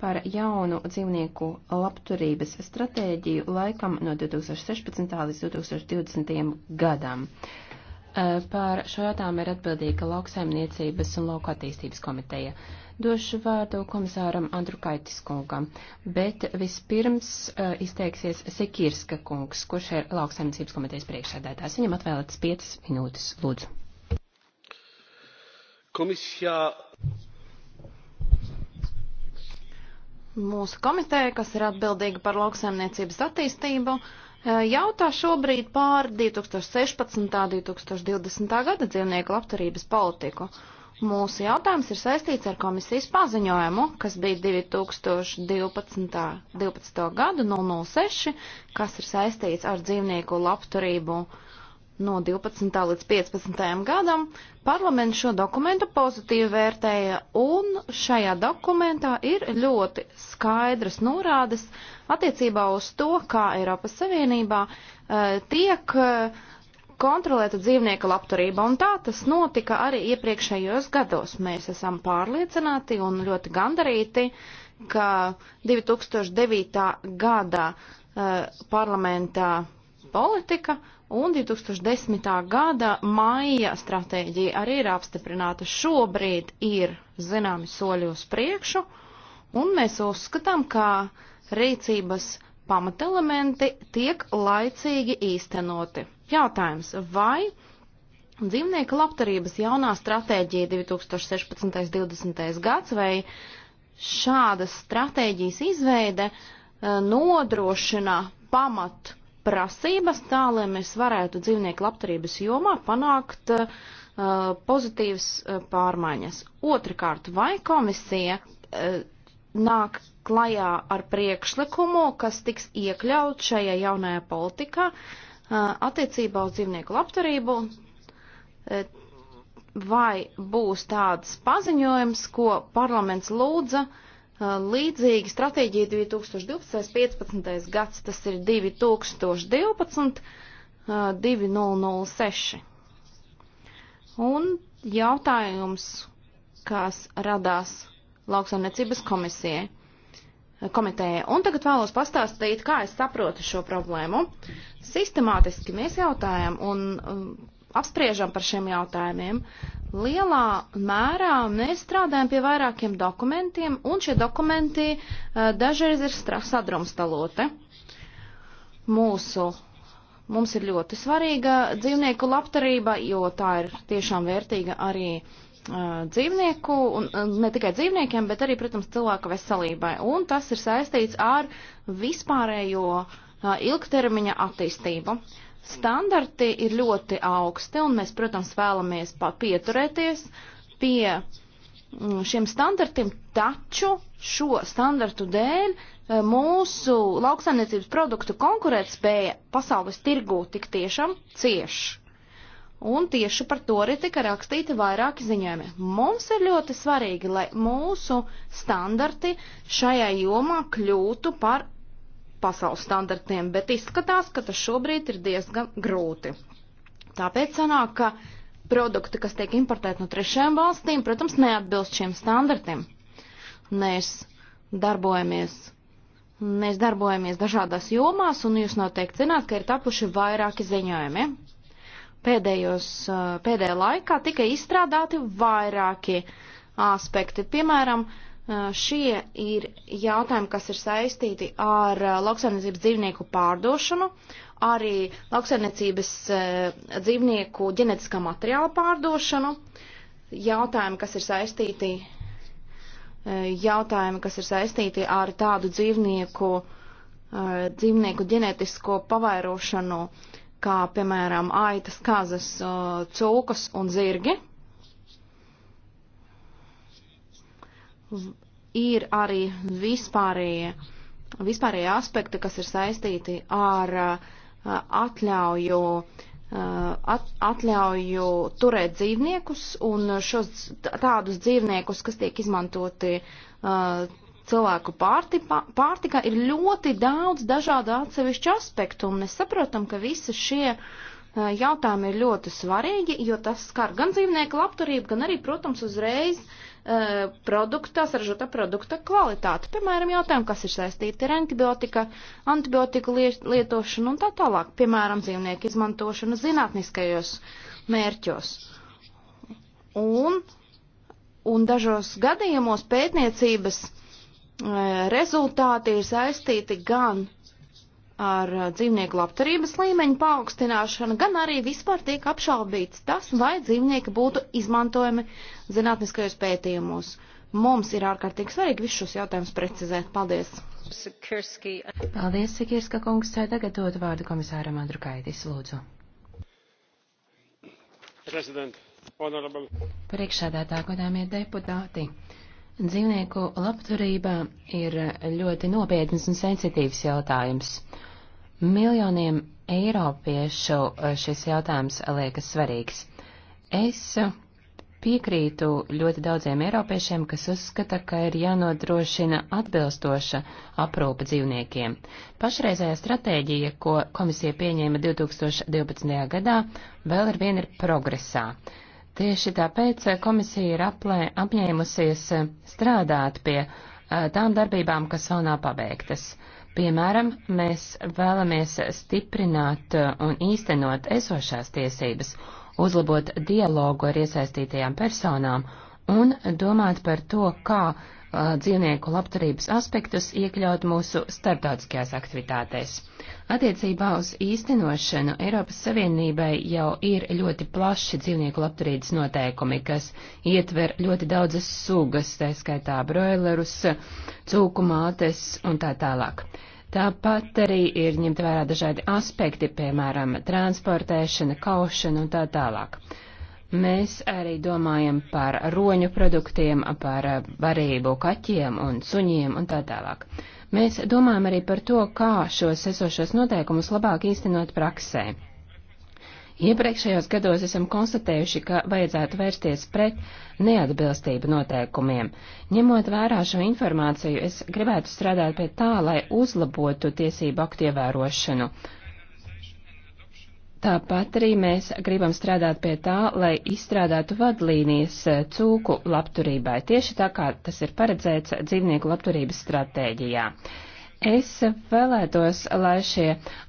par jaunu dzīvnieku labturības stratēģiju laikam no 2016. līdz 2020. gadam. Par šo jautājumu ir atbildīga lauksaimniecības un lauka attīstības komiteja. Došu vārdu komisāram Andru Kaitis kungam, bet vispirms izteiksies Sekirska kungs, kurš ir lauksaimniecības komitejas priekšsēdētājs. Viņam atvēlētas 5 minūtes, lūdzu. Komisija mūsu komiteja, kas ir atbildīga par lauksaimniecības attīstību, e, jautā šobrīd pār 2016. un 2020. gada dzīvnieku labturības politiku. Mūsu jautājums ir saistīts ar komisijas paziņojumu, kas bija 2012. 12. gadu 006, kas ir saistīts ar dzīvnieku labturību uh, no 12. līdz 15. gadam parlaments šo dokumentu pozitīvi vērtēja, un šajā dokumentā ir ļoti skaidras norādes attiecībā uz to, kā Eiropas Savienībā eh, tiek eh, kontrolēta dzīvnieka labturība, un tā tas notika arī iepriekšējos gados. Mēs esam pārliecināti un ļoti gandarīti, ka 2009. gadā eh, parlamentā politika, un 2010. gada maija stratēģija arī ir apstiprināta. Šobrīd ir zināmi soļi uz priekšu, un mēs uzskatām, ka rīcības pamatelementi tiek laicīgi īstenoti. Jātājums, vai dzīvnieku labturības jaunā stratēģija 2016.-20. gads vai šādas stratēģijas izveide eh, nodrošina pamatu prasības tā, lai mēs varētu dzīvnieku labturības jomā panākt uh, pozitīvas uh, pārmaiņas. Otrakārt, vai komisija uh, nāk klajā ar priekšlikumu, kas tiks iekļaut šajā jaunajā politikā uh, attiecībā uz dzīvnieku labturību? Uh, vai būs tāds paziņojums, ko parlaments lūdza uh, Uh, līdzīgi stratēģija 2012-15 gads, tas ir 2012, 2006. Uh, un jautājums, kas radās lauksaimniecības komisijai, uh, komitējai. Un tagad vēlos pastāstīt, kā es saprotu šo problēmu. Sistemātiski mēs jautājam, un um, apspriežam par šiem jautājumiem, lielā mērā mēs strādājam pie vairākiem dokumentiem, un šie dokumenti uh, dažreiz ir sadrumstaloti. Mūsu, mums ir ļoti svarīga dzīvnieku labturība, jo tā ir tiešām vērtīga arī uh, dzīvnieku, un uh, ne tikai dzīvniekiem, bet arī, protams, cilvēka veselībai. Un tas ir saistīts ar vispārējo ilgtermiņa attīstību. Uh, Standarti ir ļoti augsti, un mēs, protams, vēlamies pieturēties pie mm, šiem standartiem, taču šo standartu dēļ e, mūsu lauksaimniecības produktu konkurētspēja pasaules tirgū tik tiešām cieši. Un tieši par to arī tika rakstīti vairāki ziņojumi. Mums ir ļoti svarīgi, lai mūsu standarti šajā jomā kļūtu par pasaules standartiem, bet izskatās, ka tas šobrīd ir diezgan grūti. Tāpēc sanāk, ka produkti, kas tiek importēti no trešajām valstīm, protams, neatbilst šiem standartiem. Mēs darbojamies, mēs darbojamies dažādās jomās, un jūs noteikti zināt, ka ir tapuši vairāki ziņojumi. Pēdējos, eh, pēdējā laikā tika izstrādāti vairāki aspekti, piemēram, uh, Šie ir jautājumi, kas ir saistīti ar lauksaimniecības dzīvnieku pārdošanu, arī lauksaimniecības dzīvnieku ģenetiskā materiāla pārdošanu, jautājumi, kas ir saistīti, jautājumi, kas ir saistīti ar tādu dzīvnieku, dzīvnieku ģenetisko pavairošanu, kā piemēram aitas, kazas, cūkas un zirgi. ir arī vispārējie, vispārējie aspekti, kas ir saistīti ar atļauju, at, atļauju turēt dzīvniekus un šos tādus dzīvniekus, kas tiek izmantoti cilvēku pārtipa, pārtika, ir ļoti daudz dažādu atsevišķu aspektu, un mēs saprotam, ka visi šie jautājumi ir ļoti svarīgi, jo tas skar gan dzīvnieku labturību, gan arī, protams, uzreiz uh, E, produkta, saražota produkta kvalitāti. Piemēram, jautājumi, kas ir saistīti ar antibiotika, antibiotiku lietošanu un tā tālāk. Piemēram, dzīvnieku izmantošanu zinātniskajos mērķos. Un, un dažos gadījumos pētniecības e, rezultāti ir saistīti gan ar uh, dzīvnieku labturības līmeņu paaugstināšanu, gan arī vispār tiek apšaubīts tas, vai dzīvnieki būtu izmantojami zinātniskajos pētījumos. Mums ir ārkārtīgi svarīgi visus šos jautājumus precizēt. Paldies! Sikirski. Paldies, Sikirska kungs. Tagad dod vārdu komisāram Andru Kaitis, lūdzu. Priekšsēdētā godāmie deputāti. Dzīvnieku labturība ir ļoti nopietnas un sensitīvs jautājums. Miljoniem eiropiešu eh, šis jautājums liekas svarīgs. Es eh, piekrītu ļoti daudziem eiropiešiem, kas uzskata, ka ir jānodrošina atbilstoša aprūpa dzīvniekiem. Pašreizējā stratēģija, ko komisija pieņēma 2012. gadā, vēl ar vienu ir progresā. Tieši tāpēc eh, komisija ir aplē, apņēmusies strādāt pie tām darbībām, kas vēl nav pabeigtas. Uh, Piemēram, mēs vēlamies stiprināt un īstenot esošās tiesības, uzlabot dialogu ar iesaistītajām personām un domāt par to, kā a, dzīvnieku labturības aspektus iekļaut mūsu starptautiskajās aktivitātēs. Attiecībā uz īstenošanu Eiropas Savienībai jau ir ļoti plaši dzīvnieku labturības noteikumi, kas ietver ļoti daudzas sugas, tā skaitā broilerus, cūku mātes un tā tālāk. Tāpat arī ir ņemt vērā dažādi aspekti, piemēram, transportēšana, kaušana un tā tālāk. Mēs arī domājam par roņu produktiem, par eh, varību kaķiem un suņiem un tā tālāk. Mēs domājam arī par to, kā šos esošos noteikumus labāk īstenot praksē. Iepriekšējos gados esam konstatējuši, ka vajadzētu vērsties pret neatbilstību noteikumiem. Ņemot vērā šo informāciju, es gribētu strādāt pie tā, lai uzlabotu tiesību aktu ievērošanu. Tāpat arī mēs gribam strādāt pie tā, lai izstrādātu vadlīnijas cūku labturībai, tieši tā kā tas ir paredzēts dzīvnieku labturības stratēģijā. Es vēlētos, lai šie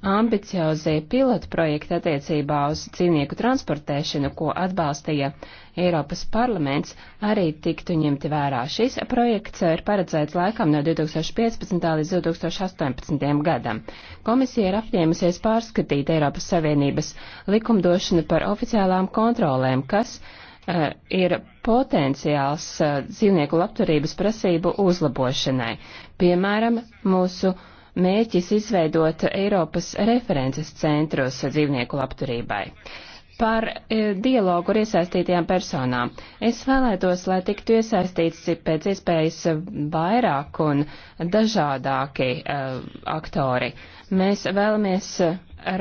ambiciozie pilotprojekti attiecībā uz cīnieku transportēšanu, ko atbalstīja Eiropas parlaments, arī tiktu ņemti vērā. Šis projekts ir paredzēts laikam no 2015. līdz 2018. gadam. Komisija ir apņēmusies pārskatīt Eiropas Savienības likumdošanu par oficiālām kontrolēm, kas Eh, ir potenciāls eh, dzīvnieku labturības prasību uzlabošanai. Piemēram, mūsu mēķis izveidot Eiropas references centrus dzīvnieku labturībai. Par eh, dialogu ar iesaistītajām personām. Es vēlētos, lai tiktu iesaistīts pēc iespējas vairāk un dažādāki uh, aktori. Mēs vēlamies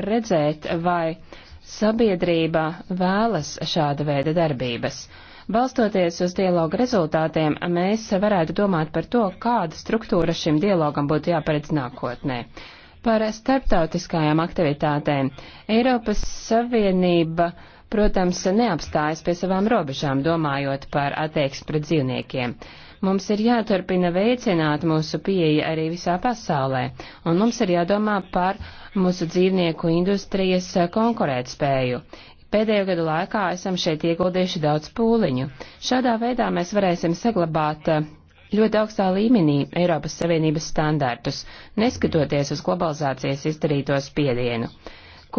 redzēt, vai uh, Sabiedrība vēlas šāda veida darbības. Balstoties uz dialogu rezultātiem, mēs varētu domāt par to, kāda struktūra šim dialogam būtu jāparedz nākotnē. Par starptautiskajām aktivitātēm Eiropas Savienība, protams, neapstājas pie savām robežām, domājot par attieksmi pret dzīvniekiem. Mums ir jāturpina veicināt mūsu pieeja arī visā pasaulē, un mums ir jādomā par mūsu dzīvnieku industrijas konkurētspēju. Pēdējo gadu laikā esam šeit ieguldījuši daudz pūliņu. Šādā veidā mēs varēsim saglabāt eh, ļoti augstā līmenī Eiropas Savienības standartus, neskatoties uz globalizācijas izdarīto spiedienu.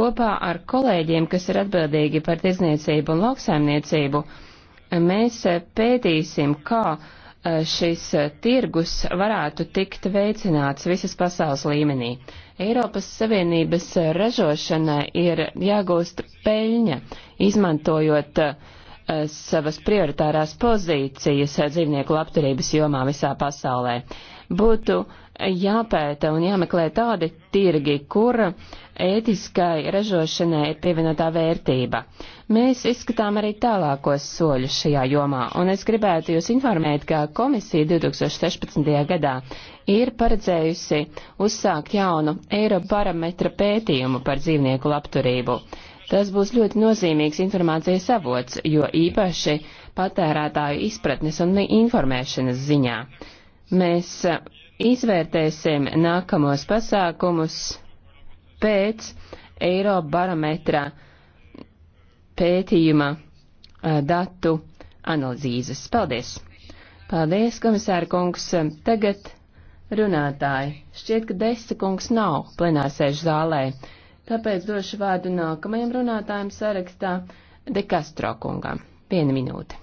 Kopā ar kolēģiem, kas ir atbildīgi par tirzniecību un lauksaimniecību, eh, mēs eh, pētīsim, kā Eh, šis eh, tirgus varētu tikt veicināts visas pasaules līmenī. Eiropas Savienības eh, ražošana ir jāgūst peļņa, izmantojot savas prioritārās pozīcijas dzīvnieku labturības jomā visā pasaulē. Būtu jāpēta un jāmeklē tādi tirgi, kur ētiskai ražošanai ir pievienotā vērtība. Mēs izskatām arī tālākos soļus šajā jomā, un es gribētu jūs informēt, ka komisija 2016. gadā ir paredzējusi uzsākt jaunu Eiroparametra pētījumu par dzīvnieku labturību. Tas būs ļoti nozīmīgs informācijas avots, jo īpaši patērētāju izpratnes un informēšanas ziņā. Mēs izvērtēsim nākamos pasākumus pēc Eirobarometra pētījuma pētījuma eh, datu analīzes. Paldies! Paldies, komisāra kungs! Tagad runātāji. Šķiet, ka desa kungs nav plenārsēžu zālē, tāpēc došu vārdu nākamajam runātājam sarakstā De Castro kungam. Viena minūte.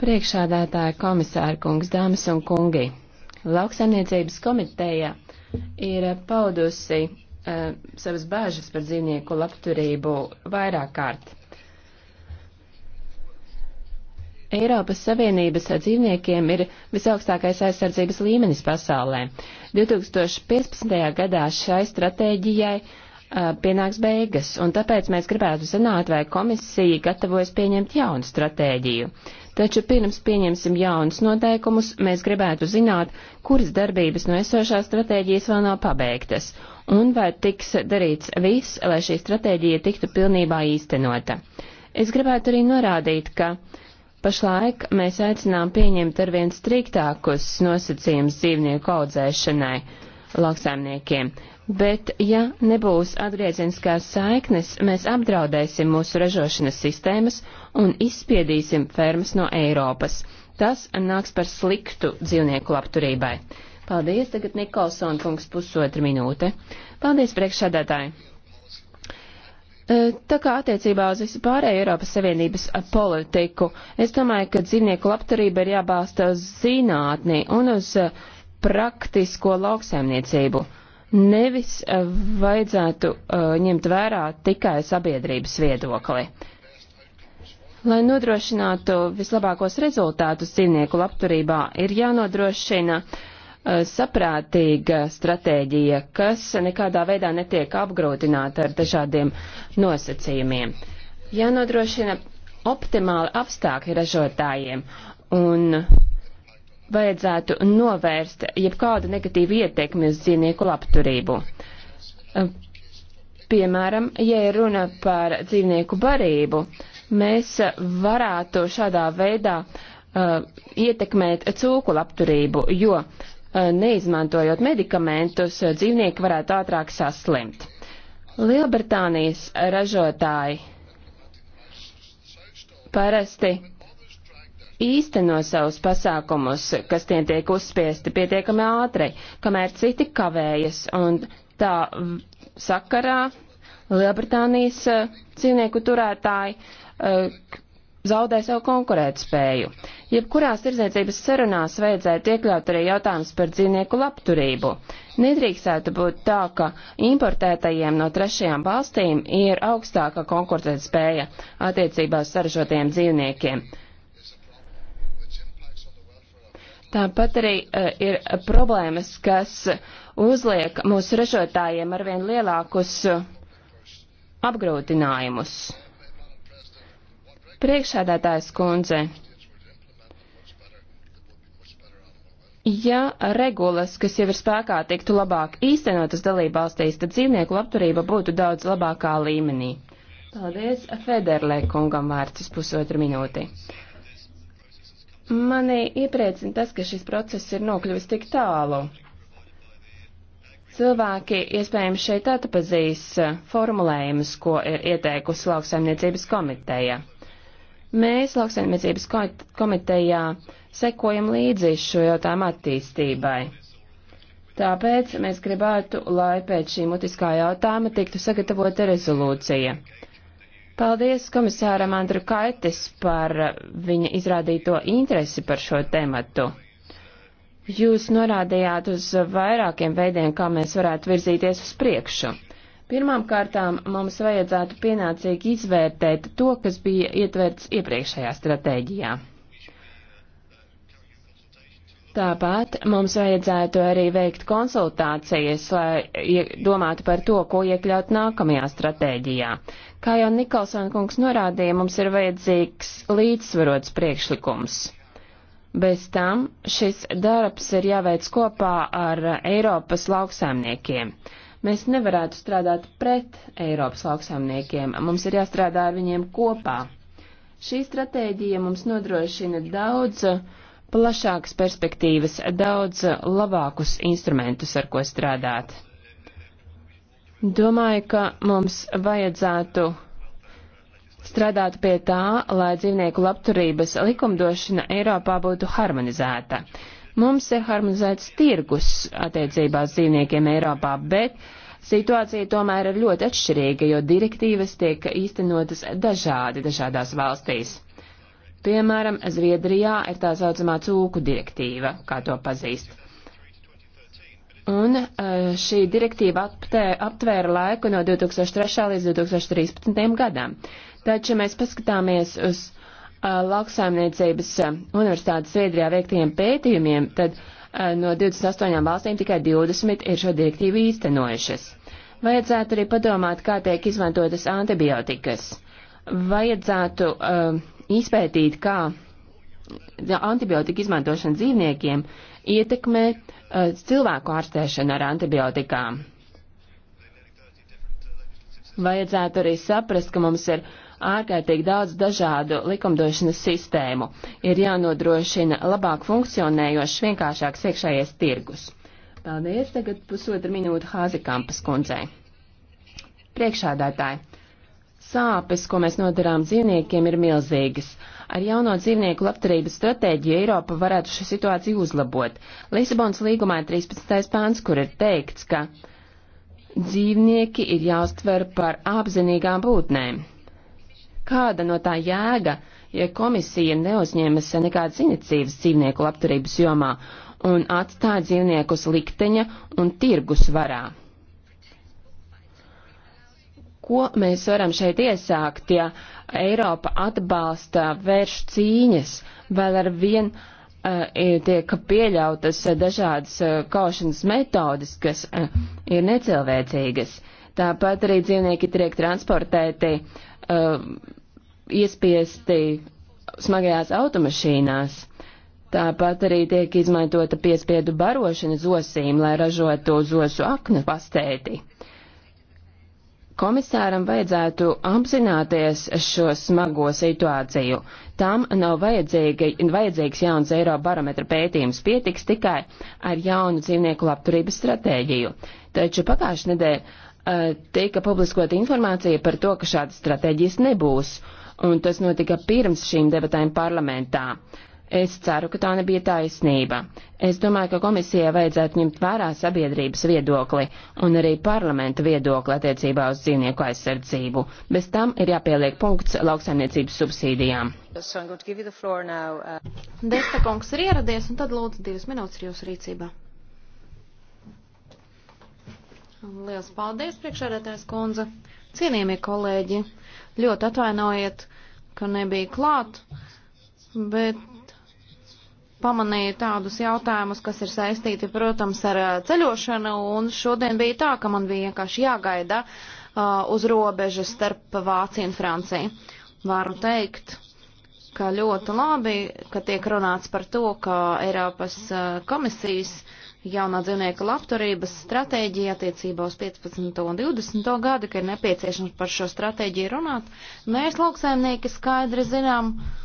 Priekšādātāja komisāra kungs, dāmas un kungi, lauksaimniecības komiteja ir paudusi E, savas bāžas par dzīvnieku labturību vairāk kārt. Eiropas Savienības dzīvniekiem ir visaugstākais aizsardzības līmenis pasaulē. 2015. gadā šai stratēģijai pienāks beigas, un tāpēc mēs gribētu zināt, vai komisija gatavojas pieņemt jaunu stratēģiju. Taču pirms pieņemsim jaunus noteikumus, mēs gribētu zināt, kuras darbības no esošās stratēģijas vēl nav pabeigtas, un vai tiks darīts viss, lai šī stratēģija tiktu pilnībā īstenota. Es gribētu arī norādīt, ka pašlaik mēs aicinām pieņemt arvien striktākus nosacījumus dzīvnieku audzēšanai lauksaimniekiem, bet ja nebūs atgriezeniskās saiknes, mēs apdraudēsim mūsu ražošanas sistēmas un izspiedīsim fermas no Eiropas. Tas nāks par sliktu dzīvnieku labturībai. Paldies, tagad Nikolson kungs pusotra minūte. Paldies, priekšsādātāji. E, tā kā attiecībā uz visu pārējo Eiropas Savienības politiku, es domāju, ka dzīvnieku labturība ir jābalsta uz zinātni un uz e, praktisko lauksaimniecību. Uh, nevis eh, vajadzētu uh, ņemt vērā tikai sabiedrības viedokli. Lai nodrošinātu vislabākos rezultātus dzīvnieku labturībā, ir jānodrošina uh, saprātīga stratēģija, kas nekādā veidā netiek apgrūtināta ar dažādiem nosacījumiem. Jānodrošina optimāli apstākļi ražotājiem un vajadzētu novērst jebkādu negatīvu ietekmi uz dzīvnieku labturību. Piemēram, ja ir runa par dzīvnieku barību, mēs varētu šādā veidā uh, ietekmēt cūku labturību, jo uh, neizmantojot medikamentus, dzīvnieki varētu ātrāk saslimt. Lielbritānijas ražotāji parasti īsteno savus pasākumus, kas tiem tiek uzspiesti pietiekami ātri, kamēr citi kavējas. Un tā sakarā Lielbritānijas eh, dzīvnieku turētāji eh, zaudē savu konkurētspēju. Jebkurās tirdzniecības sarunās vajadzētu iekļaut arī jautājums par dzīvnieku labturību. Nedrīkstētu būt tā, ka importētajiem no trešajām valstīm ir augstāka konkurētspēja attiecībā uz saražotiem dzīvniekiem. Tāpat arī uh, ir problēmas, kas uzliek mūsu ražotājiem arvien lielākus e, apgrūtinājumus. Priekšādātājs kundze, ja regulas, kas jau ir spēkā, tiktu labāk īstenotas dalībvalstīs, tad dzīvnieku labturība būtu daudz labākā līmenī. Paldies, Federlē kungam vārds uz pusotru minūti. Mani iepriecina tas, ka šis process ir nokļuvis tik tālu. Cilvēki iespējams šeit atpazīs formulējumus, ko ir ieteikusi lauksaimniecības komiteja. Mēs lauksaimniecības komitejā sekojam līdzi šo jautājumu attīstībai. Tāpēc mēs gribētu, lai pēc šī mutiskā jautājuma tiktu sagatavota rezolūcija. Paldies komisāram Andru Kaitis par viņa izrādīto interesi par šo tematu. Jūs norādījāt uz vairākiem veidiem, kā mēs varētu virzīties uz priekšu. Pirmām kārtām mums vajadzētu pienācīgi izvērtēt to, kas bija ietverts iepriekšējā stratēģijā. Tāpat mums vajadzētu arī veikt konsultācijas, lai domātu par to, ko iekļaut nākamajā stratēģijā. Kā jau Nikolsona kungs norādīja, mums ir vajadzīgs līdzsvarots priekšlikums. Bez tam šis darbs ir jāveic kopā ar Eiropas lauksaimniekiem. Mēs nevarētu strādāt pret Eiropas lauksaimniekiem, mums ir jāstrādā ar viņiem kopā. Šī stratēģija mums nodrošina daudz uh, plašākas perspektīvas, daudz labākus instrumentus, ar ko strādāt. Domāju, ka mums vajadzētu strādāt pie tā, lai dzīvnieku labturības likumdošana Eiropā būtu harmonizēta. Mums ir harmonizēts tirgus attiecībās dzīvniekiem Eiropā, bet situācija tomēr ir ļoti atšķirīga, jo direktīvas tiek īstenotas dažādi dažādās valstīs. Piemēram, Zviedrijā ir tā saucamā cūku direktīva, kā to pazīst. Un eh, šī direktīva aptvēra laiku no 2003. līdz 2013. gadam. Taču mēs paskatāmies uz eh, lauksaimniecības eh, universitātes Zviedrijā veiktajiem pētījumiem, tad no 28 valstīm tikai 20 ir šo direktīvu īstenojušas. Vajadzētu arī padomāt, kā tiek izmantotas antibiotikas. Vajadzētu uh, izpētīt, kā antibiotika izmantošana dzīvniekiem ietekmē uh, cilvēku ārstēšanu ar antibiotikām. Vajadzētu arī saprast, ka mums ir ārkārtīgi daudz dažādu likumdošanas sistēmu. Ir jānodrošina labāk funkcionējošs, vienkāršāks iekšējais tirgus. Paldies, tagad pusotra minūte Hāzikampas kundzei. Priekšādātāji, Sāpes, ko mēs nodarām dzīvniekiem, ir milzīgas. Ar jauno dzīvnieku labturības stratēģiju Eiropa varētu šo situāciju uzlabot. Lisabonas līgumā ir 13. pāns, kur ir teikts, ka dzīvnieki ir jāuztver par apzinīgām būtnēm. Kāda no tā jēga, ja komisija neuzņēmas nekādas iniciatīvas dzīvnieku labturības jomā un atstāja dzīvniekus likteņa un tirgus varā? Ko mēs varam šeit iesākt, ja Eiropa atbalsta vēršu cīņas vēl ar vien uh, tiek pieļautas dažādas uh, kaušanas metodas, kas uh, ir necilvēcīgas? Tāpat arī dzīvnieki tiek transportēti, uh, iespiesti smagajās automašīnās. Tāpat arī tiek izmantota piespiedu barošana zosīm, lai ražotu zosu aknu pastēti. Komisāram vajadzētu apzināties šo smago situāciju. Tam nav vajadzīgs jauns eiro barometra pētījums, pietiks tikai ar jaunu dzīvnieku labturības stratēģiju. Taču pagājušajā nedēļā eh, tika publiskota informācija par to, ka šādas stratēģijas nebūs, un tas notika pirms šīm debatēm parlamentā. Es ceru, ka tā nebija taisnība. Es domāju, ka komisijai vajadzētu ņemt vērā sabiedrības viedokli un arī parlamenta viedokli attiecībā uz dzīvnieku aizsardzību. Bez tam ir jāpieliek punkts lauksaimniecības subsīdijām. So Desta kungs ir ieradies, un tad lūdzu divas minūtes ir jūsu rīcībā. Lielas paldies, priekšādātājs kundze. Cienījamie kolēģi, ļoti atvainojiet, ka nebija klāt, bet pamanīju tādus jautājumus, kas ir saistīti, protams, ar ceļošanu, un šodien bija tā, ka man bija vienkārši jāgaida uh, uz robežas starp Vāciju un Franciju. Varu teikt, ka ļoti labi, ka tiek runāts par to, ka Eiropas komisijas jaunā dzīvnieka labturības stratēģija attiecībā uz 15. un 20. gadu, ka ir nepieciešams par šo stratēģiju runāt. Mēs lauksaimnieki skaidri zinām, uh,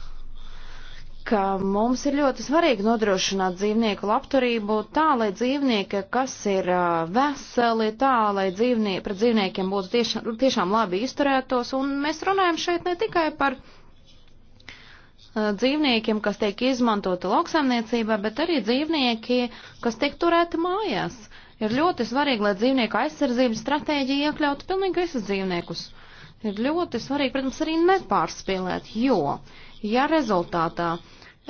ka mums ir ļoti svarīgi nodrošināt dzīvnieku labturību tā, lai dzīvnieki, kas ir veseli, tā, lai dzīvnie, pret dzīvniekiem būtu tiešām, tiešām labi izturētos. Un mēs runājam šeit ne tikai par dzīvniekiem, kas tiek izmantoti lauksaimniecībā, bet arī dzīvnieki, kas tiek turēti mājās. Ir ļoti svarīgi, lai dzīvnieku aizsardzības stratēģija iekļautu pilnīgi visus dzīvniekus. Ir ļoti svarīgi, protams, arī nepārspīlēt, jo Ja rezultātā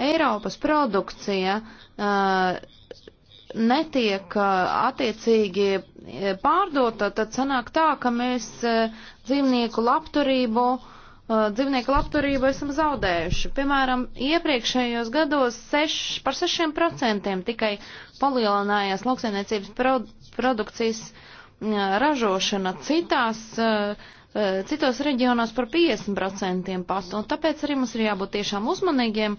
Eiropas produkcija uh, netiek attiecīgi pārdota, tad sanāk tā, ka mēs dzīvnieku labturību, dzīvnieku labturību esam zaudējuši. Piemēram, iepriekšējos gados seš, par 6% tikai palielinājās lauksainiecības pro, produkcijas ražošana. Citās uh, Eh, citos reģionos par 50% pat, un tāpēc arī mums ir jābūt tiešām uzmanīgiem.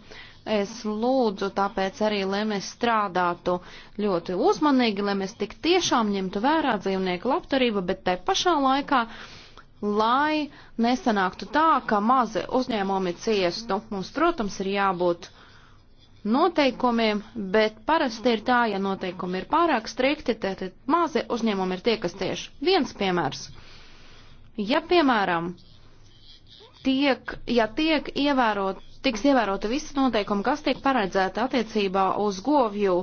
Es lūdzu tāpēc arī, lai mēs strādātu ļoti uzmanīgi, lai mēs tik tiešām ņemtu vērā dzīvnieku labturību, bet te pašā laikā, lai nesanāktu tā, ka mazi uzņēmumi ciestu. Mums, protams, ir jābūt noteikumiem, bet parasti ir tā, ja noteikumi ir pārāk strikti, tad mazi uzņēmumi ir tie, kas tieši viens piemērs. Ja, piemēram, tiek, ja tiek ievērot, tiks ievērota visas noteikumi, kas tiek paredzēta attiecībā uz govju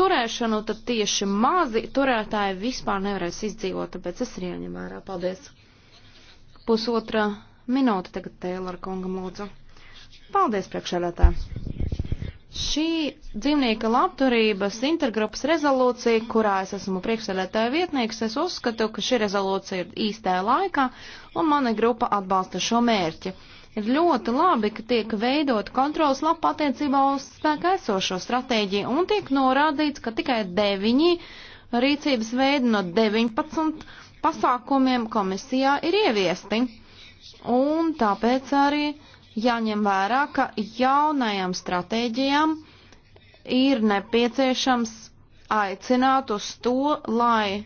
turēšanu, tad tieši mazi turētāji vispār nevarēs izdzīvot, tāpēc es ir jāņem vērā. Paldies. Pusotra minūte tagad Tēlor kungam lūdzu. Paldies, priekšēdētāji. Šī dzīvnieka labturības intergrupas rezolūcija, kurā es esmu priekšsēdētāja vietnieks, es uzskatu, ka šī rezolūcija ir īstajā laikā un mana grupa atbalsta šo mērķi. Ir ļoti labi, ka tiek veidot kontrols lapa attiecībā uz spēkā esošo stratēģiju un tiek norādīts, ka tikai deviņi rīcības veidi no 19 pasākumiem komisijā ir ieviesti. Un tāpēc arī uh, jāņem vērā, ka jaunajām stratēģijām ir nepieciešams aicināt uz to, lai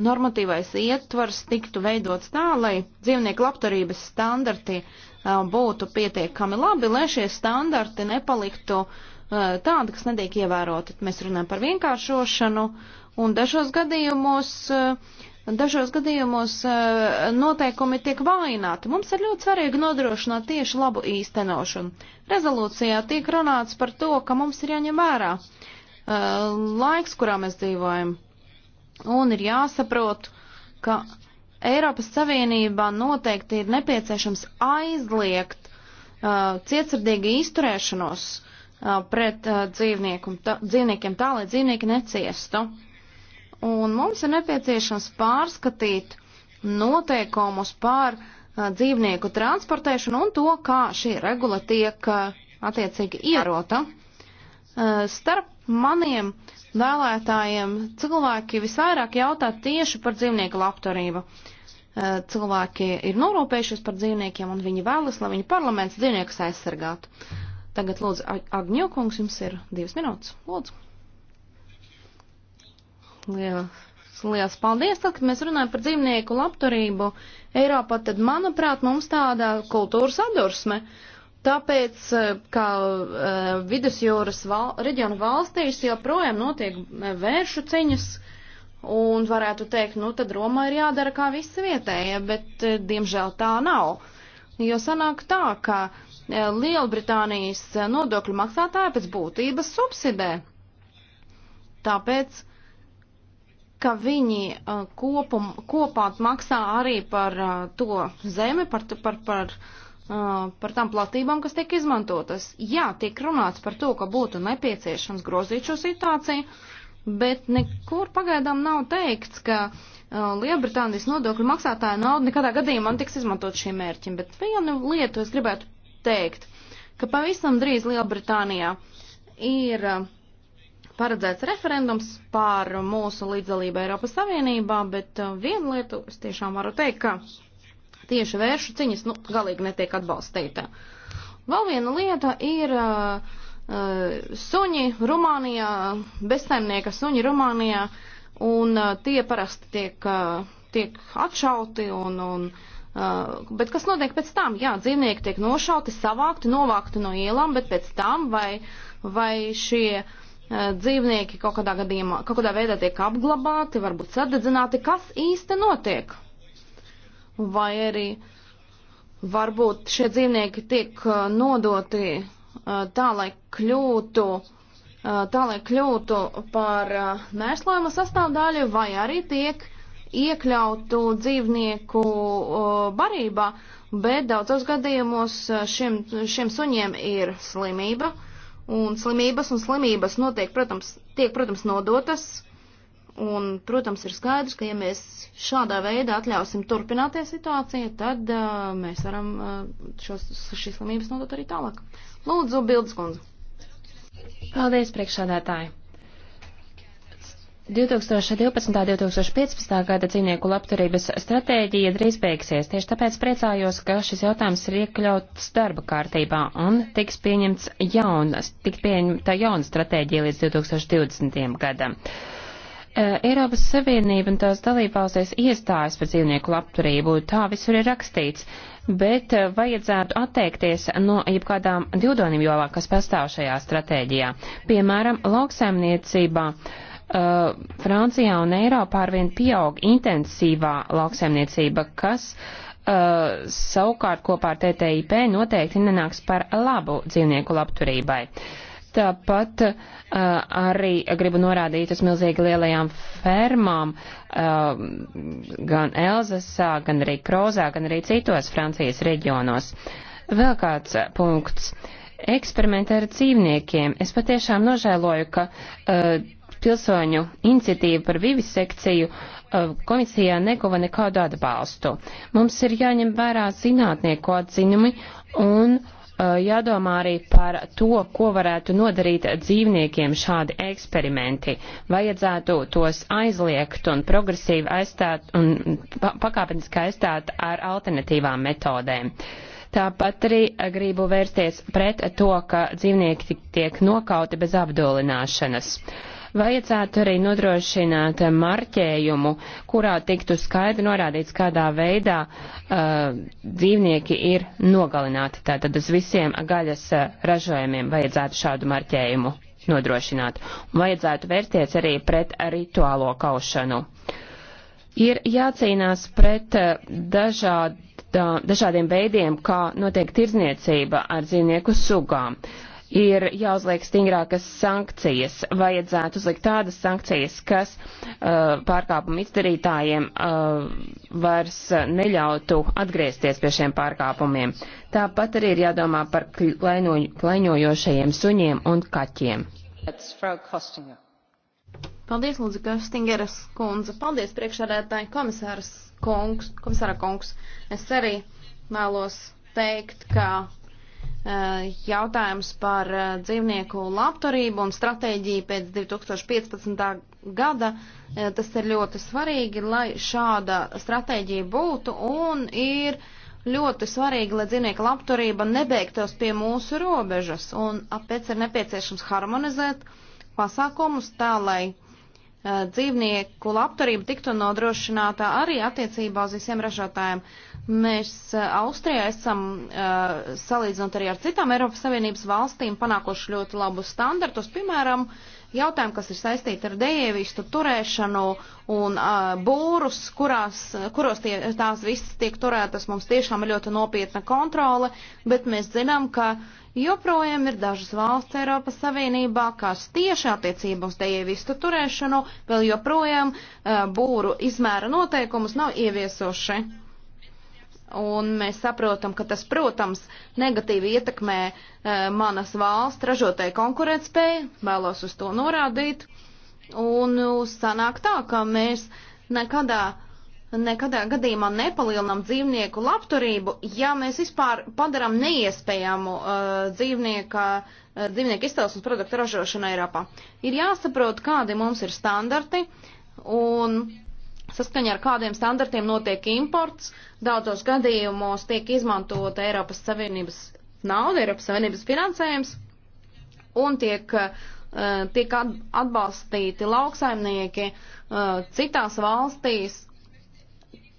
normatīvais ietvars tiktu veidots tā, lai dzīvnieku labturības standarti uh, būtu pietiekami labi, lai šie standarti nepaliktu uh, tādi, kas netiek ievēroti. Mēs runājam par vienkāršošanu, un dažos gadījumos uh, dažos gadījumos eh, noteikumi tiek vājināti. Mums ir ļoti svarīgi nodrošināt tieši labu īstenošanu. Rezolūcijā tiek runāts par to, ka mums ir jāņem vērā eh, laiks, kurā mēs dzīvojam. Un ir jāsaprot, ka Eiropas Savienībā noteikti ir nepieciešams aizliegt uh, eh, cietsirdīgi izturēšanos uh, pret uh, dzīvniekiem tā, lai dzīvnieki neciestu. Uh, un mums ir nepieciešams pārskatīt noteikumus pār uh, dzīvnieku transportēšanu un to, kā šī regula tiek uh, attiecīgi ierota. Uh, starp maniem vēlētājiem cilvēki visvairāk jautā tieši par dzīvnieku labturību. Uh, cilvēki ir norūpējušies par dzīvniekiem un viņi vēlas, lai viņu parlaments dzīvniekus aizsargātu. Tagad, lūdzu, Agņokungs, jums ir divas minūtes. Lūdzu. Liels, liels paldies, tad, kad mēs runājam par dzīvnieku labturību Eiropā, tad, manuprāt, mums tāda kultūras adursme. Tāpēc, eh, ka uh, vidusjūras val, reģionu valstīs joprojām notiek eh, vēršu ciņas, un varētu teikt, nu tad Romā ir jādara kā viss vietējie, bet uh, diemžēl tā nav. Jo sanāk tā, ka uh, Lielbritānijas nodokļu maksātāji pēc būtības subsidē. Tāpēc ka viņi uh, kopum, kopā maksā arī par uh, to zemi, par, par, par, uh, par tām platībām, kas tiek izmantotas. Jā, tiek runāts par to, ka būtu nepieciešams grozīt šo situāciju, bet nekur pagaidām nav teikts, ka uh, Lielbritānijas nodokļu maksātāja nauda nekādā gadījumā netiks izmantot šiem mērķim. Bet vienu lietu es gribētu teikt, ka pavisam drīz Lielbritānijā ir. Uh, paredzēts referendums par mūsu līdzdalību Eiropas Savienībā, bet uh, vienu lietu es tiešām varu teikt, ka tieši vēršu ciņas nu, galīgi netiek atbalstīta. Vēl viena lieta ir uh, uh, suņi Rumānijā, bezsaimnieka suņi Rumānijā, un uh, tie parasti tiek, uh, tiek atšauti un. un Uh, bet kas notiek pēc tam? Jā, dzīvnieki tiek nošauti, savākti, novākti no ielām, bet pēc tam vai, vai šie uh, Eh, dzīvnieki kaut kādā gadījumā, kaut kādā veidā tiek apglabāti, varbūt sadedzināti, kas īsti notiek. Vai arī varbūt šie dzīvnieki tiek eh, nodoti eh, tā, lai kļūtu, tā, lai kļūtu par mēslojuma sastāvdaļu, vai arī tiek iekļautu dzīvnieku barībā, bet daudzos gadījumos šiem, šiem suņiem ir slimība Un slimības un slimības notiek, protams, tiek, protams, nodotas. Un, protams, ir skaidrs, ka ja mēs šādā veidā atļausim turpināties situācija, tad uh, mēs varam uh, šos, šīs slimības nodot arī tālāk. Lūdzu, Bildes kundze. Paldies, priekšādātāji. 2012. un 2015. gada dzīvnieku labturības stratēģija drīz beigsies, tieši tāpēc priecājos, ka šis jautājums ir iekļauts darba kārtībā un tiks pieņemts jauna, tik pieņemta jauna stratēģija līdz 2020. gadam. E, Eiropas Savienība un tās dalībvalstīs iestājas par dzīvnieku labturību, tā visur ir rakstīts, bet e, vajadzētu atteikties no jebkādām divdonību jolām, kas pastāv šajā stratēģijā. Piemēram, lauksaimniecībā uh, Francijā un Eiropā arvien pieaug intensīvā lauksaimniecība, kas uh, savukārt kopā ar TTIP noteikti nenāks par labu dzīvnieku labturībai. Tāpat uh, arī gribu norādīt uz milzīgi lielajām fermām uh, gan Elzasā, gan arī Krozā, gan arī citos Francijas reģionos. Vēl kāds uh, punkts. Eksperimenti ar dzīvniekiem. Es patiešām nožēloju, ka uh, pilsoņu iniciatīva par vivis sekciju eh, komisijā neguva nekādu atbalstu. Mums ir jāņem vērā zinātnieku atziņumi un eh, jādomā arī par to, ko varētu nodarīt dzīvniekiem šādi eksperimenti. Vajadzētu tos aizliegt un progresīvi aizstāt un pakāpeniski aizstāt ar alternatīvām metodēm. Tāpat arī eh, gribu vērsties pret to, ka dzīvnieki tiek nokauti bez apdulināšanas. Uh, Vajadzētu arī nodrošināt marķējumu, kurā tiktu skaidri norādīts, kādā veidā uh, dzīvnieki ir nogalināti. Tātad uz visiem gaļas uh, ražojumiem vajadzētu šādu marķējumu nodrošināt. Un vajadzētu vērsties arī pret rituālo kaušanu. Ir jācīnās pret uh, dažādu uh, dažādiem veidiem, kā notiek tirzniecība ar dzīvnieku sugām ir jāuzliek stingrākas sankcijas. Vajadzētu uzlikt tādas sankcijas, kas uh, pārkāpumu izdarītājiem uh, vairs neļautu atgriezties pie šiem pārkāpumiem. Tāpat arī ir jādomā par klaino, klainojošajiem suņiem un kaķiem. Paldies, Lūdzu, Kastingeras kundze. Paldies, priekšādētāji, komisārs kungs, komisāra kungs. Es arī vēlos teikt, ka Eh, jautājums par eh, dzīvnieku labturību un stratēģiju pēc 2015. gada. Eh, tas ir ļoti svarīgi, lai šāda stratēģija būtu un ir ļoti svarīgi, lai dzīvnieku labturība nebeigtos pie mūsu robežas un tāpēc ir nepieciešams harmonizēt pasākumus tā, lai Eh, dzīvnieku labturība tiktu nodrošināta arī attiecībā uz visiem ražotājiem. Mēs eh, Austrijā esam, eh, salīdzinot arī ar citām Eiropas Savienības valstīm, panākuši ļoti labus standartus, piemēram, jautājumu, kas ir saistīti ar dievišķu turēšanu un uh, būrus, kurās, kuros tie, tās visas tiek turētas, mums tiešām ir ļoti nopietna kontrole, bet mēs zinām, ka uh, Joprojām ir dažas valsts Eiropas Savienībā, kas tieši attiecībā uz dievistu turēšanu vēl joprojām uh, būru izmēra noteikumus nav ieviesuši. Un mēs saprotam, ka tas, protams, negatīvi ietekmē uh, manas valsts ražotāju konkurētspēju, vēlos uz to norādīt. Un uh, sanāk tā, ka mēs nekadā uh, nekadā gadījumā nepalielinam dzīvnieku labturību, ja mēs vispār padaram neiespējamu uh, dzīvnieka, uh, dzīvnieku izcelsmes produktu ražošanu Eiropā. Ir jāsaprot, kādi mums ir standarti un saskaņā ar kādiem standartiem notiek imports. Daudzos gadījumos tiek izmantota Eiropas Savienības nauda, Eiropas Savienības finansējums un tiek uh, tiek atbalstīti lauksaimnieki uh, citās valstīs,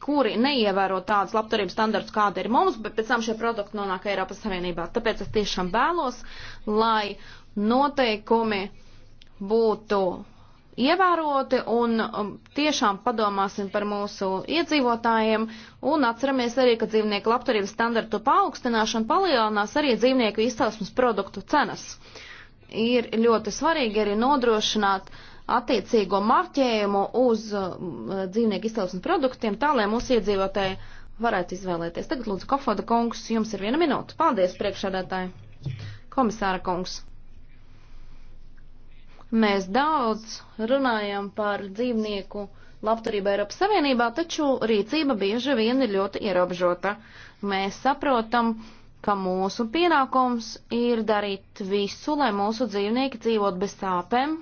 kuri neievēro tādus labturības standartus, kāda ir mums, bet pēc tam šie produkti nonāk Eiropas Savienībā. Tāpēc es tiešām vēlos, lai noteikumi būtu ievēroti un um, tiešām padomāsim par mūsu iedzīvotājiem un atceramies arī, ka dzīvnieku labturības standartu paaugstināšana palielinās arī dzīvnieku izcelsmes produktu cenas. Ir ļoti svarīgi arī nodrošināt uh, attiecīgo marķējumu uz uh, dzīvnieku izcelsmes produktiem, tā lai mūsu iedzīvotāji varētu izvēlēties. Tagad, lūdzu, Kofoda kungs, jums ir viena minūte. Paldies, priekšādātāji. Komisāra kungs. Mēs daudz runājam par dzīvnieku labturību Eiropas Savienībā, taču rīcība bieži vien ir ļoti ierobežota. Mēs saprotam, ka mūsu pienākums ir darīt visu, lai mūsu dzīvnieki dzīvot bez sāpēm,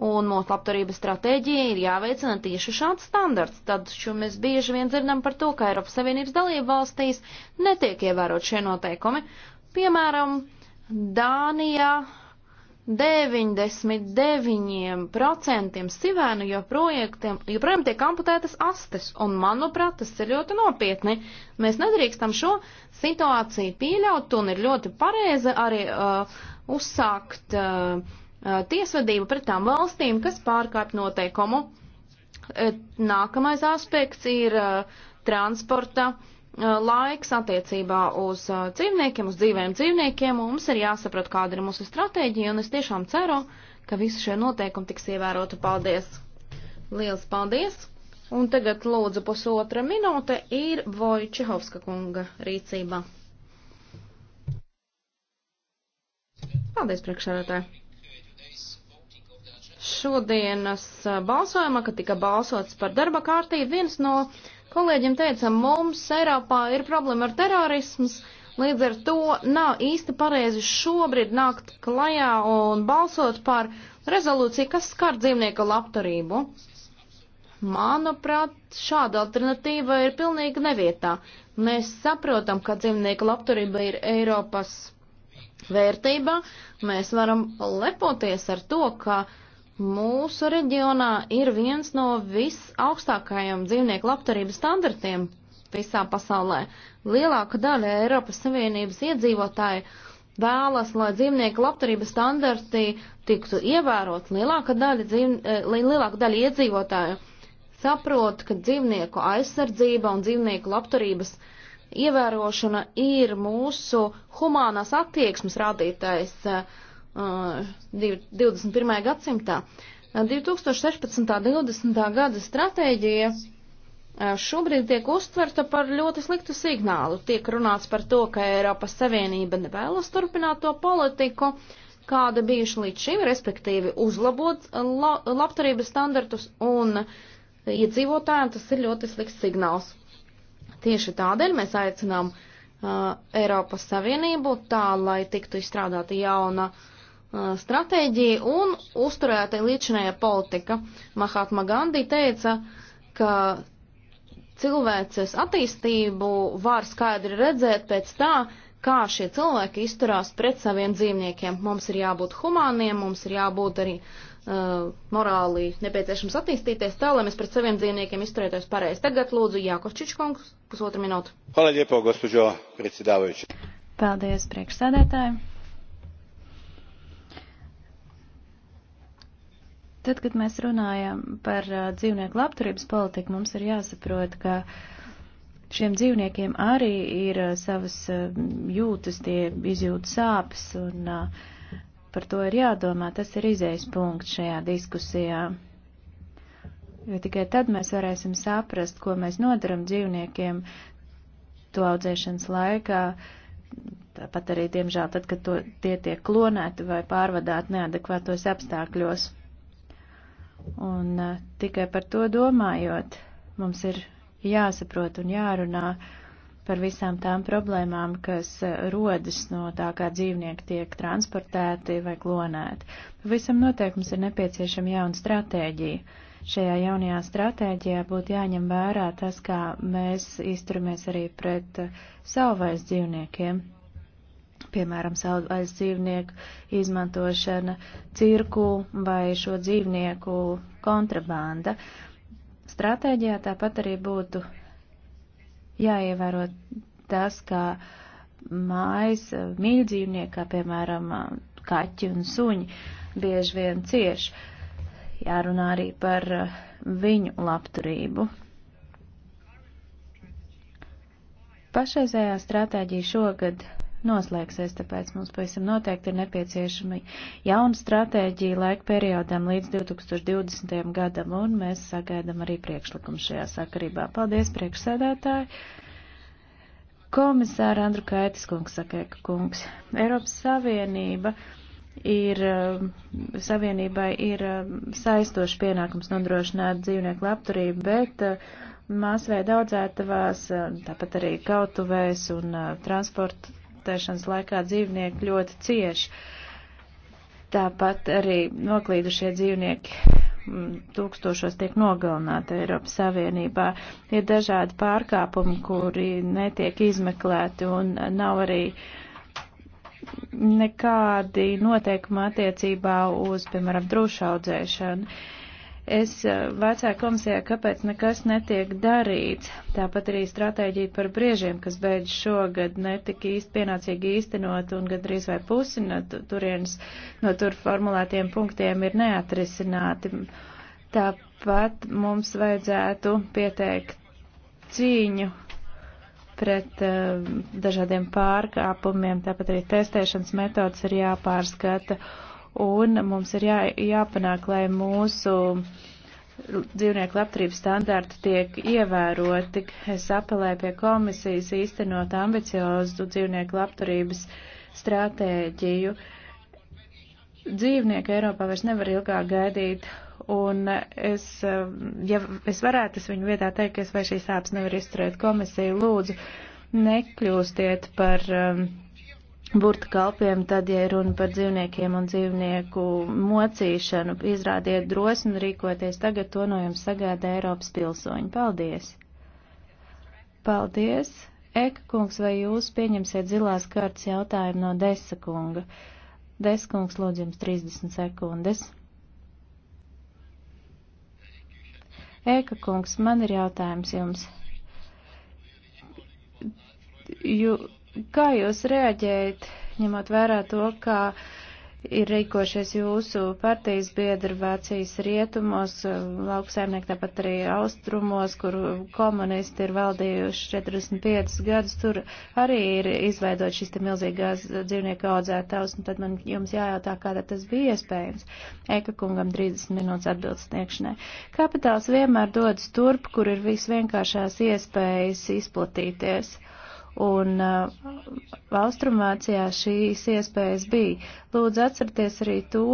Un mūsu labturības stratēģija ir jāveicina tieši šāds standarts. Tad šo mēs bieži vien dzirdam par to, ka Eiropas Savienības dalība valstīs netiek ievērot šie noteikumi. Piemēram, Dānijā 99% sivēnu joprojām tiek amputētas astes, un manuprāt, tas ir ļoti nopietni. Mēs nedrīkstam šo situāciju pieļaut, un ir ļoti pareizi arī uh, uzsākt uh, Uh, tiesvedību pret tām valstīm, kas pārkāp noteikumu. Uh, nākamais aspekts ir uh, transporta laiks attiecībā uz dzīvniekiem, uz dzīvēm dzīvniekiem. Mums ir jāsaprot, kāda ir mūsu stratēģija, un es tiešām ceru, ka visi šie noteikumi tiks ievēroti. Paldies! Liels paldies! Un tagad lūdzu pusotra minūte ir Vojčehovska kunga rīcībā. Paldies, priekšsēdētāji! šodienas balsojumā, kad tika balsots par darba kārtību, viens no kolēģiem teica, mums Eiropā ir problēma ar terorismus, līdz ar to nav īsti pareizi šobrīd nākt klajā un balsot par rezolūciju, kas skar dzīvnieku labturību. Manuprāt, šāda alternatīva ir pilnīgi nevietā. Mēs saprotam, ka dzīvnieku labturība ir Eiropas vērtība. Mēs varam lepoties ar to, ka uh, Mūsu reģionā ir viens no visaugstākajiem dzīvnieku labturības standartiem visā pasaulē. Lielāka daļa Eiropas Savienības iedzīvotāji vēlas, lai dzīvnieku labturības standarti tiktu ievērot. Lielāka daļa, dzīv... Eh, lielāka daļa iedzīvotāju saprot, ka dzīvnieku aizsardzība un dzīvnieku labturības ievērošana ir mūsu humānās attieksmes rādītājs. Uh, 21. gadsimtā. 2016. 20. gada stratēģija šobrīd tiek uztverta par ļoti sliktu signālu. Tiek runāts par to, ka Eiropas Savienība nevēlas turpināt to politiku, kāda bijuši līdz šim, respektīvi uzlabot la labturības standartus un iedzīvotājiem ja tas ir ļoti slikts signāls. Tieši tādēļ mēs aicinām uh, Eiropas Savienību tā, lai tiktu izstrādāta jauna uh, stratēģija un uzturēta līdzinēja politika. Mahatma Gandhi teica, ka cilvēces attīstību var skaidri redzēt pēc tā, kā šie cilvēki izturās pret saviem dzīvniekiem. Mums ir jābūt humāniem, mums ir jābūt arī uh, morāli nepieciešams attīstīties tā, lai mēs pret saviem dzīvniekiem izturētos pareizi. Tagad lūdzu Jākovčič kungs, pusotru minūtu. Hvala lijepo, gospođo predsjedavajući. Paldies, priekšsēdētāji. Tad, kad mēs runājam par uh, dzīvnieku labturības politiku, mums ir jāsaprot, ka šiem dzīvniekiem arī ir uh, savas uh, jūtas, tie izjūt sāpes, un par to ir jādomā. Tas ir izējas punkts šajā diskusijā. Jo tikai tad mēs varēsim saprast, ko mēs nodaram dzīvniekiem to audzēšanas laikā, tāpat arī, diemžēl, tad, kad to, tie tiek klonēti vai pārvadāti neadekvātos apstākļos. Un e, tikai par to domājot, mums ir jāsaprot un jārunā par visām tām problēmām, kas e, rodas no tā, kā dzīvnieki tiek transportēti vai klonēti. Pavisam noteikti mums ir nepieciešama jauna stratēģija. Šajā jaunajā stratēģijā būtu jāņem vērā tas, kā mēs izturamies arī pret e, savvais dzīvniekiem piemēram, savvaļas dzīvnieku izmantošana cirku vai šo dzīvnieku kontrabanda. Stratēģijā tāpat arī būtu jāievēro tas, kā mājas mīļa dzīvnieki, kā piemēram kaķi un suņi bieži vien cieš. Jārunā arī par viņu labturību. Pašreizējā stratēģija šogad noslēgsies, tāpēc mums pavisam noteikti ir nepieciešama jauna stratēģija laika periodam līdz 2020. gadam, un mēs sagaidam arī priekšlikumu šajā sakarībā. Paldies, priekšsēdētāji! Komisāra Andru Kaitis kungs saka, ka kungs Eiropas Savienība ir, eh, Savienībai ir eh, saistoši pienākums nodrošināt dzīvnieku labturību, bet eh, masveida audzētavās, tāpat arī kautuvēs un transporta transportēšanas laikā dzīvnieki ļoti cieši. Tāpat arī noklīdušie dzīvnieki mm, tūkstošos tiek nogalināti Eiropas Savienībā. Ir dažādi pārkāpumi, kuri netiek izmeklēti un nav arī nekādi noteikumi attiecībā uz, piemēram, drūšaudzēšanu. Es eh, vecāju komisijā, kāpēc nekas netiek darīts. Tāpat arī stratēģija par briežiem, kas beidz šogad netika īsti pienācīgi īstenot un gadrīz vai pusi no turienes, no tur formulētiem punktiem ir neatrisināti. Tāpat mums vajadzētu pieteikt cīņu pret uh, dažādiem pārkāpumiem, tāpat arī testēšanas metodas ir jāpārskata. Uh, un mums ir jā, jāpanāk, lai mūsu dzīvnieku labturības standarti tiek ievēroti. Es apelēju pie komisijas īstenot ambiciozu dzīvnieku labturības stratēģiju. Dzīvnieki Eiropā vairs nevar ilgāk gaidīt, un es, ja es varētu, es viņu vietā teikt, ka es vai šīs sāpes nevar izturēt komisiju, lūdzu, nekļūstiet par um, burta kalpiem, tad, ja runa par dzīvniekiem un dzīvnieku mocīšanu, izrādiet drosmi rīkoties tagad, to no jums sagāda Eiropas pilsoņi. Paldies! Paldies! Eka kungs, vai jūs pieņemsiet zilās kārtas jautājumu no Desa kunga? Desa kungs, lūdzu jums 30 sekundes. Eka kungs, man ir jautājums jums. Jū, Kā jūs reaģējat, ņemot vērā to, ka ir rīkošies jūsu partijas biedri Vācijas rietumos, lauksaimnieki tāpat arī austrumos, kur komunisti ir valdījuši 45 gadus, tur arī ir izveidot šis te milzīgās dzīvnieku audzētājs, un tad man jums jājautā, kādā tas bija iespējams. Eka kungam 30 minūtes atbildes sniegšanai. Kapitāls vienmēr dodas turp, kur ir visvienkāršās iespējas izplatīties. Uh, un uh, Austrumvācijā šīs iespējas bija. Lūdzu, atcerieties arī to,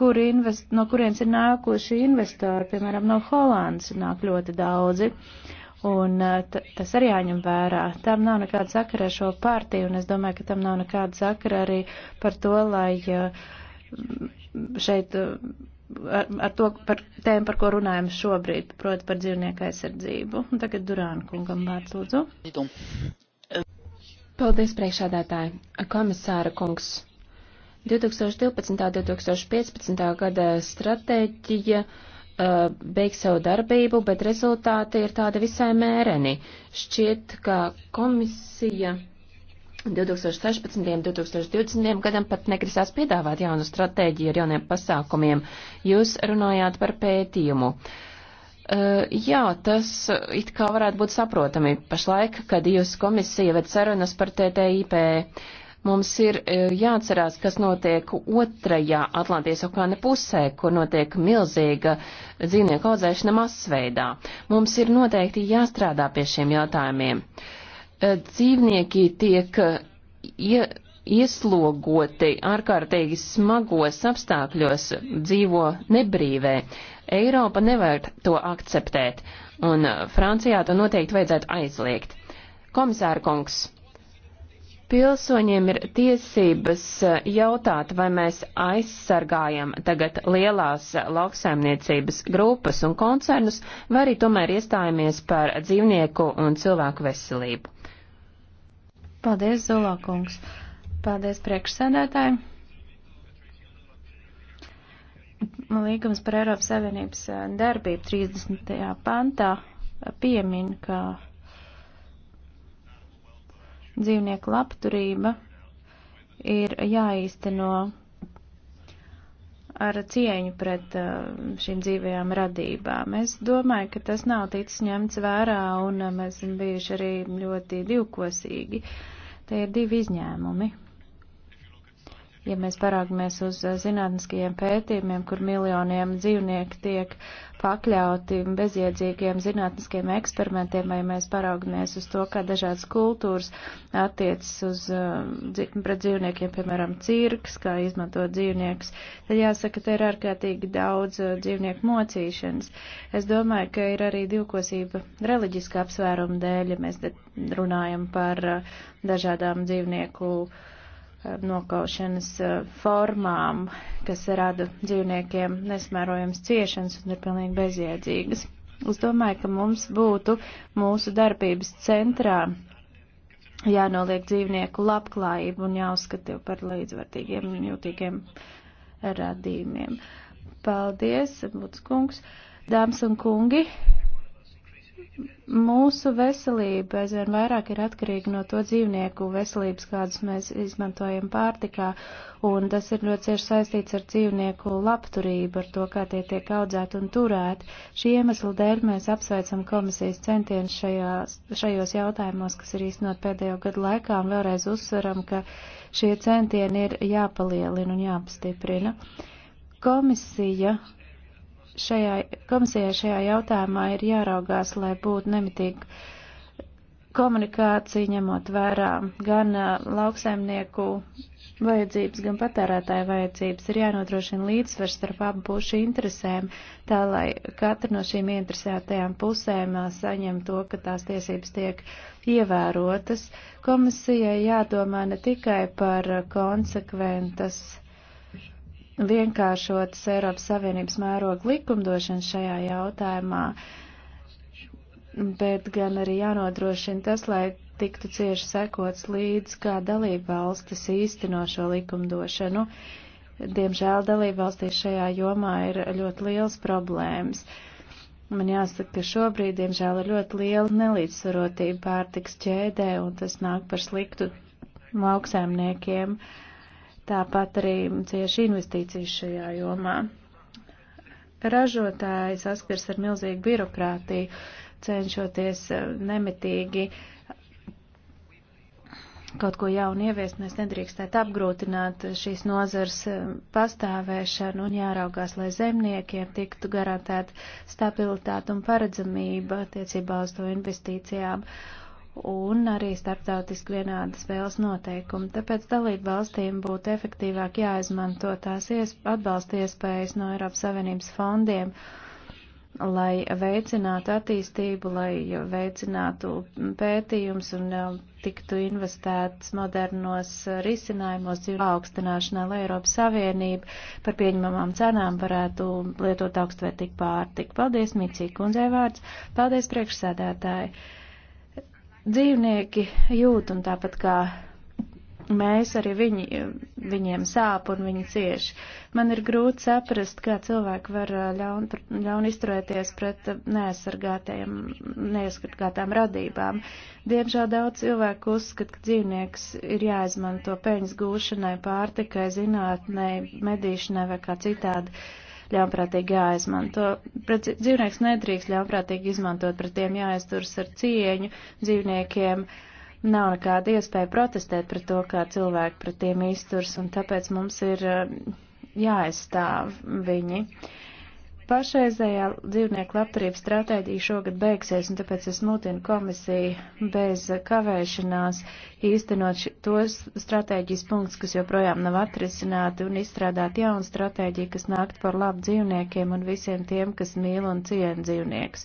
kur invest, no kurienes ir nākoši investori, piemēram, no Holandas nāk ļoti daudzi. Un uh, tas arī jāņem vērā. Tam nav nekāda sakara ar šo partiju, un es domāju, ka tam nav nekāda sakara arī par to, lai uh, šeit ar, ar to par tēmu, par ko runājam šobrīd, proti par dzīvnieku aizsardzību. Un tagad Durāna kungam vārds lūdzu. Paldies, priekšādātāji. Komisāra kungs. 2012. un 2015. gada stratēģija uh, beig savu darbību, bet rezultāti ir tādi visai mēreni. Šķiet, ka komisija 2016. un 2020. gadam pat negrasās piedāvāt jaunu stratēģiju ar jauniem pasākumiem. Jūs runājāt par pētījumu. Uh, jā, tas it kā varētu būt saprotami pašlaik, kad jūs komisija ved sarunas par TTIP. Mums ir uh, jāatcerās, kas notiek otrajā Atlantijas okāna pusē, kur notiek milzīga dzīvnieku audzēšana masveidā. Mums ir noteikti jāstrādā pie šiem jautājumiem. Uh, Eh, dzīvnieki tiek eh, ie, ieslogoti ārkārtīgi smagos apstākļos, dzīvo nebrīvē. Eiropa nevar to akceptēt, un eh, Francijā to noteikti vajadzētu aizliegt. Komisāra kungs, pilsoņiem ir tiesības jautāt, vai mēs aizsargājam tagad lielās lauksaimniecības grupas un koncernus, vai arī tomēr iestājamies par dzīvnieku un cilvēku veselību. Paldies, Zulakungs. Paldies priekšsēdētājiem. Līgums par Eiropas Savienības eh, darbību 30. pantā piemin, ka dzīvnieku labturība ir jāīsteno ar cieņu pret uh, šīm dzīvajām radībām. Es domāju, ka tas nav ticis ņemts vērā, un uh, mēs esam bijuši arī ļoti divkosīgi. Te ir divi izņēmumi ja mēs parāgamies uz eh, zinātniskajiem pētījumiem, kur miljoniem dzīvnieku tiek pakļauti bezjēdzīgiem zinātniskiem eksperimentiem, vai ja mēs paraugamies uz to, kā dažādas kultūras attiecas uz, eh, pret dzīvniekiem, piemēram, cirks, kā izmanto dzīvniekus, tad jāsaka, te ir ārkārtīgi daudz eh, dzīvnieku mocīšanas. Es domāju, ka ir arī divkosība reliģiska apsvēruma dēļ, ja mēs runājam par dažādām dzīvnieku uh, nokaušanas eh, formām, kas rada dzīvniekiem nesmērojams ciešanas un ir pilnīgi bezjēdzīgas. Es domāju, ka mums būtu mūsu darbības centrā jānoliek dzīvnieku labklājību un jāuzskata par līdzvērtīgiem un jūtīgiem radījumiem. Paldies, Buds kungs, dāmas un kungi! Mūsu veselība aizvien vairāk ir atkarīga no to dzīvnieku veselības, kādas mēs izmantojam pārtikā, un tas ir ļoti cieši saistīts ar dzīvnieku labturību, ar to, kā tie tiek audzēti un turēti. Šī iemesla dēļ mēs apsveicam komisijas centienus šajās, šajos jautājumos, kas ir īstenot pēdējo gadu laikā, un vēlreiz uzsveram, ka šie centieni ir jāpalielina un jāpastiprina. Komisija šajā komisijai šajā jautājumā ir jāraugās, lai būtu nemitīga komunikācija, ņemot vērā gan lauksaimnieku vajadzības, gan patērētāju vajadzības. Ir jānodrošina līdzsvars starp abu pušu interesēm, tā lai katra no šīm interesētajām pusēm saņem to, ka tās tiesības tiek ievērotas. Komisijai jādomā ne tikai par konsekventas uh, vienkāršotas Eiropas Savienības mēroga likumdošana šajā jautājumā, bet gan arī jānodrošina tas, lai tiktu cieši sekots līdz, kā dalība valstis īsteno šo likumdošanu. Diemžēl dalība valstīs šajā jomā ir ļoti liels problēmas. Man jāsaka, ka šobrīd, diemžēl, ir ļoti liela nelīdzsvarotība pārtiks ķēdē, un tas nāk par sliktu lauksēmniekiem. Uh, Tāpat arī cieši investīcijas šajā jomā. Ražotāji saskars ar milzīgu birokrātiju, cenšoties eh, nemitīgi kaut ko jaunu ieviest, mēs nedrīkstētu apgrūtināt šīs nozars eh, pastāvēšanu un jāraugās, lai zemniekiem tiktu garantēta stabilitāte un paredzamība attiecībā uz to investīcijām. Uh, un arī starptautiski vienādas spēles noteikumi. Tāpēc dalību valstīm būtu efektīvāk jāizmanto tās ies, atbalsta iespējas no Eiropas Savienības fondiem, lai veicinātu attīstību, lai veicinātu pētījums un um, tiktu investēts modernos uh, risinājumos dzīvu augstināšanā, lai Eiropas Savienība par pieņemamām cenām varētu lietot augstvērtīgu pārtiku. Paldies, Micī kundzei vārds. Paldies, priekšsēdētāji dzīvnieki jūt, un tāpat kā mēs arī viņi, viņiem sāp un viņi cieš. Man ir grūti saprast, kā cilvēki var ļaun, ļaun izturēties pret neaizsargātām radībām. Diemžēl daudz cilvēku uzskata, ka dzīvnieks ir jāizmanto peļņas gūšanai, pārtikai, zinātnei, medīšanai vai kā citādi ļaunprātīgi jāizmanto. Pret dzīvnieks nedrīkst ļaunprātīgi izmantot, pret tiem jāizturas ar cieņu. Dzīvniekiem nav nekāda iespēja protestēt pret to, kā cilvēki pret tiem izturs, un tāpēc mums ir eh, jāaizstāv viņi. Uh, Pašreizējā dzīvnieku labturības stratēģija šogad beigsies, un tāpēc es mutinu komisiju bez kavēšanās īstenot tos stratēģijas punktus, kas joprojām nav atrisināti, un izstrādāt jaunu stratēģiju, kas nākt par labu dzīvniekiem un visiem tiem, kas mīl un cien dzīvniekus.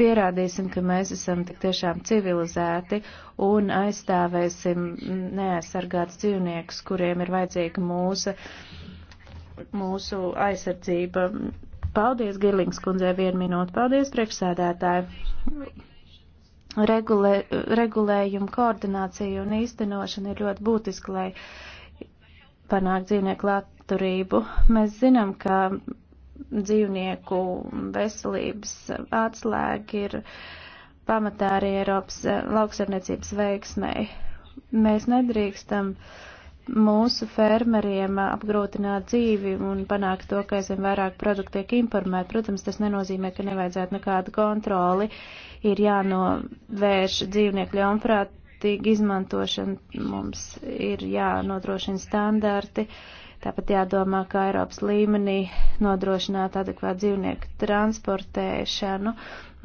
Pierādīsim, ka mēs esam tik tiešām civilizēti un aizstāvēsim neaizsargāts dzīvniekus, kuriem ir vajadzīga mūsu, mūsu aizsardzība Paldies, Girlings kundzei, vienu minūti. Paldies, priekšsēdētāji. Regulē, regulējumu koordinācija un īstenošana ir ļoti būtiska, lai panāktu dzīvnieku labturību. Mēs zinām, ka dzīvnieku veselības atslēga ir pamatā arī Eiropas lauksaimniecības veiksmei. Mēs nedrīkstam uh, mūsu fermeriem apgrūtināt dzīvi un panākt to, ka aizvien vairāk produktu tiek informēt. Protams, tas nenozīmē, ka nevajadzētu nekādu kontroli. Ir jānovērš dzīvnieku ļaunprātīgi izmantošana, mums ir jānodrošina standarti. Tāpat jādomā, kā Eiropas līmenī nodrošināt adekvātu dzīvnieku transportēšanu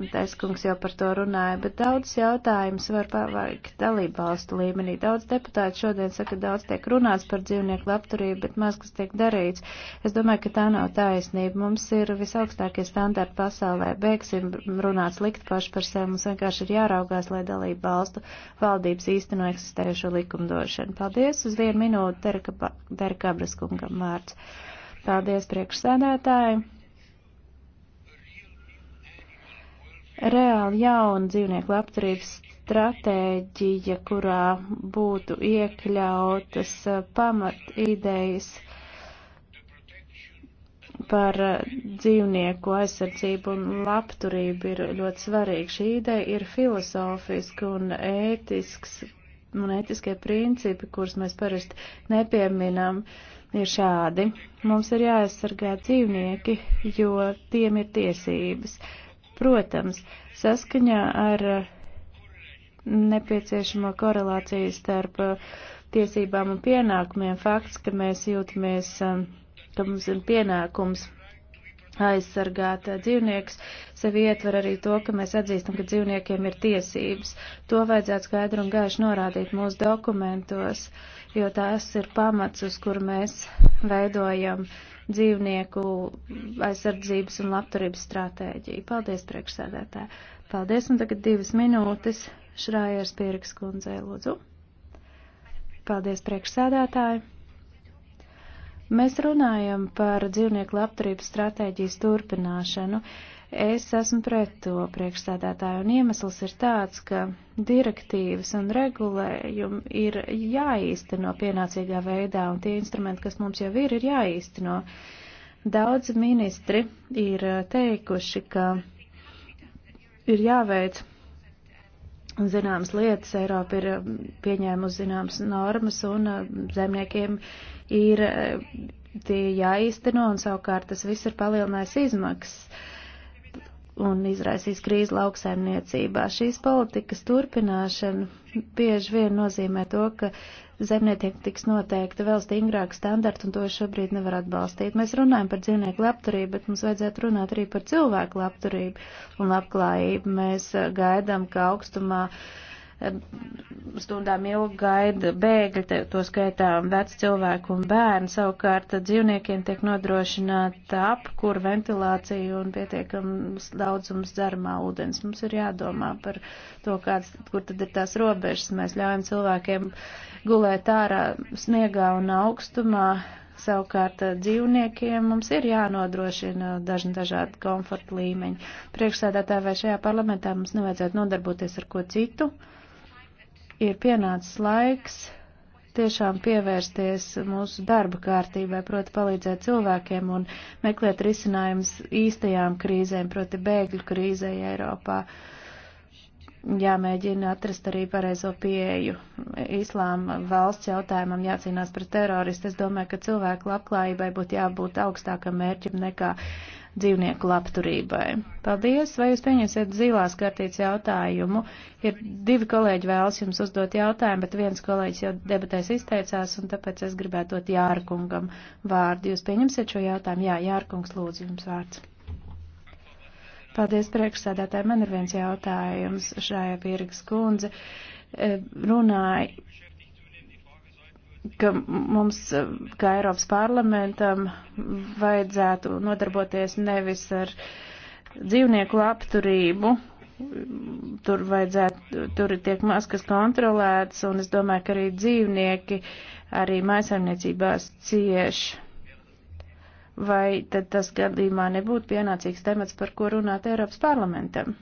Taiskungs jau par to runāja, bet daudz jautājums var paveikt dalību valstu līmenī. Daudz deputāti šodien saka, daudz tiek runāts par dzīvnieku labturību, bet maz kas tiek darīts. Es domāju, ka tā nav taisnība. Mums ir visaugstākie standarti pasaulē. Beigsim runāt slikt paši par sevi. Mums vienkārši ir jāraugās, lai dalību valstu valdības īsteno eksistējušo likumdošanu. Paldies uz vienu minūtu, Derka Kabras kungam vārds. Paldies priekšsēdētāji. reāli jauna dzīvnieku labturības stratēģija, kurā būtu iekļautas eh, pamat idejas par eh, dzīvnieku aizsardzību un labturību ir ļoti svarīga. Šī ideja ir filozofiska un ētisks, un ētiskie principi, kurus mēs parasti nepieminam, ir šādi. Mums ir jāaizsargā dzīvnieki, jo tiem ir tiesības. Protams, saskaņā ar eh, nepieciešamo korelāciju starp eh, tiesībām un pienākumiem fakts, ka mēs jūtamies, eh, ka mums ir pienākums aizsargāt dzīvniekus, sevi ietver arī to, ka mēs atzīstam, ka dzīvniekiem ir tiesības. To vajadzētu skaidru un gaišu norādīt mūsu dokumentos, jo tās ir pamats, uz kur mēs veidojam uh, dzīvnieku aizsardzības un labturības stratēģiju. Paldies, priekšsēdētāji. Paldies, un tagad divas minūtes Šrājers Pieriks kundzei, lūdzu. Paldies, priekšsēdētāji. Mēs runājam par dzīvnieku labturības stratēģijas turpināšanu. Uh, Es esmu pret to priekšstādātāju, un iemesls ir tāds, ka direktīvas un regulējumi ir jāīsteno pienācīgā veidā, un tie instrumenti, kas mums jau ir, ir jāīsteno. Daudz ministri ir teikuši, ka ir jāveic zināmas lietas, Eiropa ir pieņēmusi zināmas normas, un zemniekiem ir eh, tie jāīsteno, un savukārt tas viss ir palielinājis izmaksas un izraisīs krīzi lauksaimniecībā. Šīs politikas turpināšana bieži vien nozīmē to, ka zemniekiem tiks noteikti vēl stingrāk standarti, un to šobrīd nevar atbalstīt. Mēs runājam par dzīvnieku labturību, bet mums vajadzētu runāt arī par cilvēku labturību un labklājību. Mēs eh, gaidām, ka augstumā uh, stundām ilgi gaida bēgļi, to skaitā vec cilvēku un bērni. Savukārt dzīvniekiem tiek nodrošināta apkur, ventilācija un pietiekams daudzums dzeramā ūdens. Mums ir jādomā par to, kāds, kur tad ir tās robežas. Mēs ļaujam cilvēkiem gulēt ārā sniegā un augstumā. Savukārt eh, dzīvniekiem mums ir jānodrošina dažni dažādi komforta līmeņi. Priekšsēdētāji vai šajā parlamentā mums nevajadzētu nodarboties ar ko citu. Uh, ir pienācis laiks tiešām pievērsties mūsu darba kārtībai, proti palīdzēt cilvēkiem un meklēt risinājumus īstajām krīzēm, proti bēgļu krīzei Eiropā. Jāmēģina atrast arī pareizo pieeju. Islāma valsts jautājumam jācīnās pret teroristu. Es domāju, ka cilvēku labklājībai būtu jābūt augstākam mērķim nekā uh, dzīvnieku labturībai. Paldies, vai jūs pieņemsiet zilās kartītes jautājumu? Ir divi kolēģi vēlas jums uzdot jautājumu, bet viens kolēģis jau debatēs izteicās, un tāpēc es gribētu dot Jārkungam vārdu. Jūs pieņemsiet šo jautājumu? Jā, Jārkungs, lūdzu, jums vārds. Paldies, priekšsēdētāji. Man ir viens jautājums šai Virgas kundze eh, runāja ka mums, kā Eiropas parlamentam, vajadzētu nodarboties nevis ar dzīvnieku labturību, tur vajadzētu, tur tiek maskas kontrolētas, un es domāju, ka arī dzīvnieki arī maisaimniecībās cieš. Vai tad tas gadījumā nebūtu pienācīgs temats, par ko runāt Eiropas parlamentam?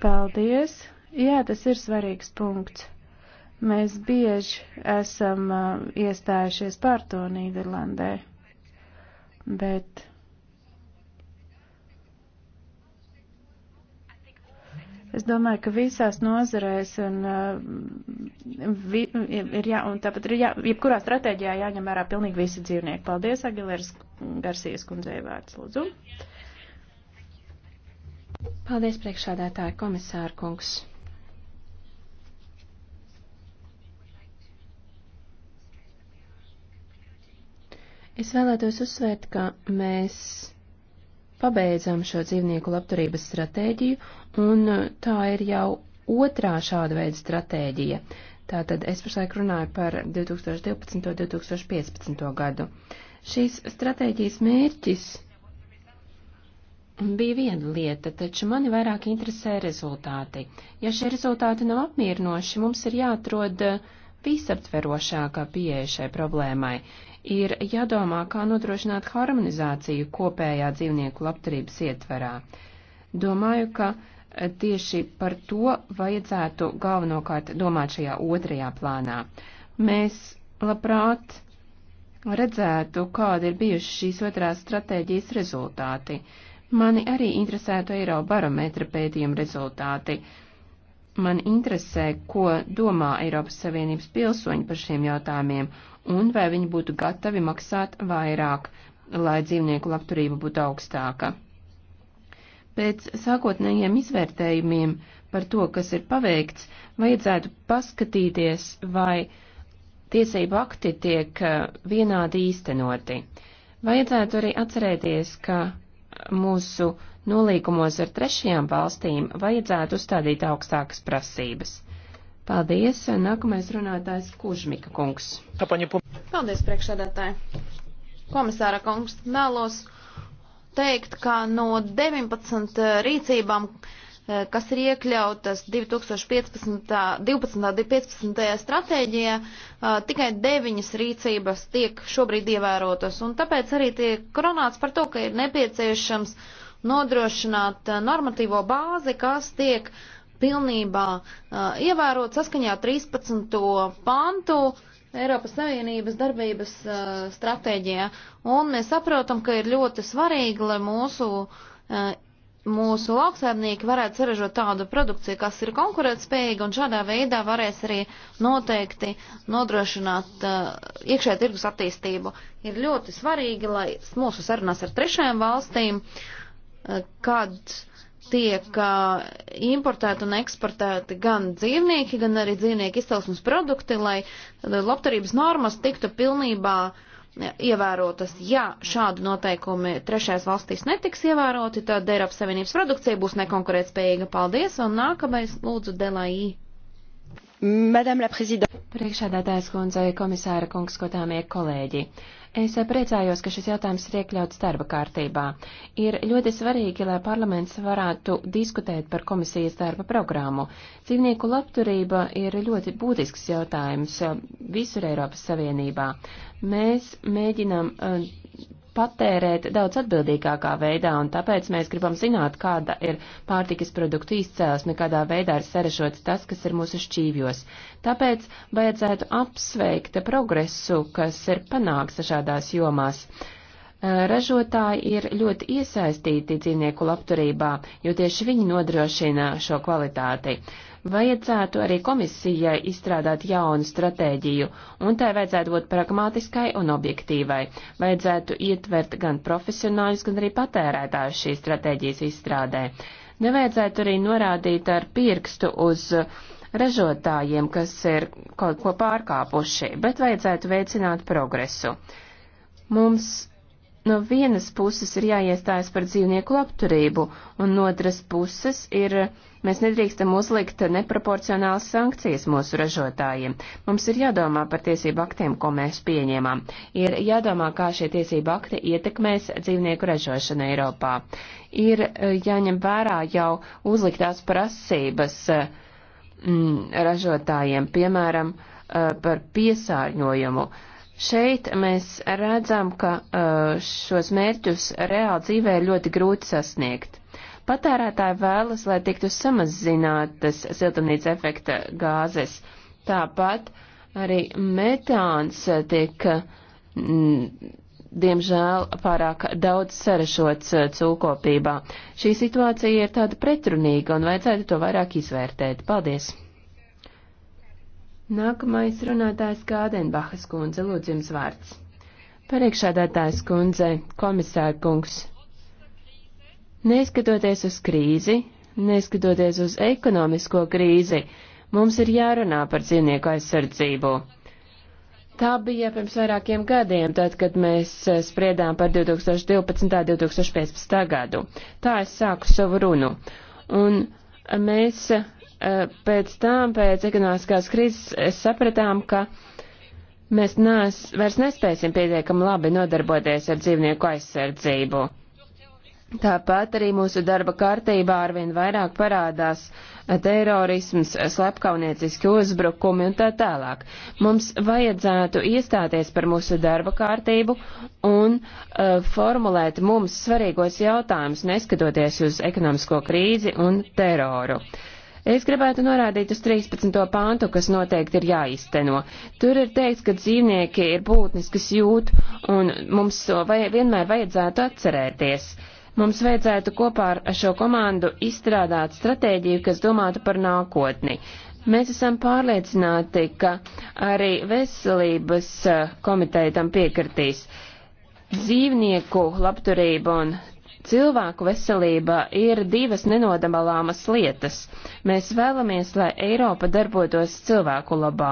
Paldies! Jā, tas ir svarīgs punkts. Mēs bieži esam uh, iestājušies par to Nīderlandē, bet Es domāju, ka visās nozarēs un, uh, vi, ir jā, un tāpat ir jā, jebkurā stratēģijā jāņem vērā pilnīgi visi dzīvnieki. Paldies, Agilērs Garsijas kundzei vārds, lūdzu. Paldies, priekšādātāja komisāra kungs. Es vēlētos uzsvērt, ka mēs pabeidzam šo dzīvnieku labturības stratēģiju, un uh, tā ir jau otrā šāda veida stratēģija. Tātad es pašlaik runāju par 2012. un 2015. gadu. Šīs stratēģijas mērķis bija viena lieta, taču mani vairāk interesē rezultāti. Ja šie rezultāti nav apmierinoši, mums ir jāatrod uh, visaptverošākā pieeja šai problēmai, ir jādomā, kā nodrošināt harmonizāciju kopējā dzīvnieku labturības ietverā. Domāju, ka eh, tieši par to vajadzētu galvenokārt domāt šajā otrajā plānā. Mēs labprāt redzētu, kādi ir bijuši šīs otrās stratēģijas rezultāti. Mani arī interesētu eiro barometra pētījuma rezultāti. Man interesē, ko domā Eiropas Savienības pilsoņi par šiem jautājumiem un vai viņi būtu gatavi maksāt vairāk, lai dzīvnieku labturība būtu augstāka. Pēc sākotnējiem izvērtējumiem par to, kas ir paveikts, vajadzētu paskatīties, vai tiesību akti tiek eh, vienādi īstenoti. Vajadzētu arī atcerēties, ka mūsu nolīgumos ar trešajām valstīm vajadzētu uzstādīt augstākas prasības. Paldies. Nākamais runātājs Kužmika kungs. Paldies, priekšsēdētāji. Komisāra kungs, vēlos teikt, ka no 19 eh, rīcībām, eh, kas ir iekļautas 2015. 12. 15. stratēģijā, eh, tikai 9 rīcības tiek šobrīd ievērotas. Un tāpēc arī tiek runāts par to, ka ir nepieciešams nodrošināt normatīvo bāzi, kas tiek uh, pilnībā uh, ievērot saskaņā 13. pantu Eiropas Savienības darbības uh, stratēģijā. Un mēs saprotam, ka ir ļoti svarīgi, lai mūsu, uh, mūsu lauksēmnieki varētu saražot tādu produkciju, kas ir konkurētspējīga, un šādā veidā varēs arī noteikti nodrošināt uh, iekšē tirgus attīstību. Ir ļoti svarīgi, lai mūsu sarunās ar trešajām valstīm, uh, kad uh, tiek uh, importēti un eksportēti gan dzīvnieki, gan arī dzīvnieku izcelsmes produkti, lai labturības normas tiktu pilnībā ievērotas. Ja šādi noteikumi trešais valstīs netiks ievēroti, tad Eiropas Savienības produkcija būs nekonkurētspējīga. Paldies, un nākamais lūdzu Delai. Madame la Présidente. Priekšādātājs kundze, komisāra kungs, skatāmie kolēģi. Es priecājos, ka šis jautājums ir iekļauts darba kārtībā. Ir ļoti svarīgi, lai parlaments varētu diskutēt par komisijas darba programmu. Dzīvnieku labturība ir ļoti būtisks jautājums uh, visur Eiropas Savienībā. Mēs mēģinam uh, patērēt daudz atbildīgākā veidā, un tāpēc mēs gribam zināt, kāda ir pārtikas produktu izcēlesme, kādā veidā ir sarešots tas, kas ir mūsu šķīvjos. Tāpēc vajadzētu apsveikt progresu, kas ir panāks šādās jomās. Ražotāji ir ļoti iesaistīti dzīvnieku labturībā, jo tieši viņi nodrošina šo kvalitāti. Vajadzētu arī komisijai izstrādāt jaunu stratēģiju, un tai vajadzētu būt pragmātiskai un objektīvai. Vajadzētu ietvert gan profesionāļus, gan arī patērētājus šīs stratēģijas izstrādē. Nevajadzētu arī norādīt ar pirkstu uz ražotājiem, kas ir kaut ko pārkāpuši, bet vajadzētu veicināt progresu. Mums no vienas puses ir jāiestājas par dzīvnieku labturību, un no otras puses ir mēs nedrīkstam uzlikt neproporcionālas sankcijas mūsu ražotājiem. Mums ir jādomā par tiesību aktiem, ko mēs pieņēmām. Ir jādomā, kā šie tiesību akti ietekmēs dzīvnieku ražošanu Eiropā. Ir eh, jāņem vērā jau uzliktās prasības eh, mm, ražotājiem, piemēram, eh, par piesārņojumu. Uh, Šeit mēs redzam, ka uh, šos mērķus reāli dzīvē ir ļoti grūti sasniegt. Patērētāji vēlas, lai tiktu samazinātas siltumnīca efekta gāzes. Tāpat arī metāns tiek, m, mm, diemžēl, pārāk daudz sarešots uh, cūkopībā. Šī situācija ir tāda pretrunīga un vajadzētu to vairāk izvērtēt. Paldies! Nākamais runātājs Kādenbahas kundze, lūdzu jums vārds. Pareikšādātājs kundze, komisāra kungs. Neskatoties uz krīzi, neskatoties uz ekonomisko krīzi, mums ir jārunā par dzīvnieku aizsardzību. Tā bija pirms vairākiem gadiem, tad, kad mēs spriedām par 2012. un 2015. gadu. Tā es sāku savu runu. Un mēs Eh, pēc tam, pēc ekonomiskās krīzes, sapratām, ka mēs nes, vairs nespēsim pietiekami labi nodarboties ar dzīvnieku aizsardzību. Tāpat arī mūsu darba kārtībā arvien vairāk parādās eh, terorisms, slepkaunieciski uzbrukumi un tā tālāk. Mums vajadzētu iestāties par mūsu darba kārtību un uh, formulēt mums svarīgos jautājumus, neskatoties uz ekonomisko krīzi un teroru. Uh, Es gribētu norādīt uz 13. pāntu, kas noteikti ir jāizteno. Tur ir teikts, ka dzīvnieki ir būtnes, kas jūt, un mums to vaj vienmēr vajadzētu atcerēties. Mums vajadzētu kopā ar šo komandu izstrādāt stratēģiju, kas domātu par nākotni. Mēs esam pārliecināti, ka arī veselības eh, komiteja tam piekritīs. Dzīvnieku labturība un Cilvēku veselība ir divas nenodamālāmas lietas. Mēs vēlamies, lai Eiropa darbotos cilvēku labā,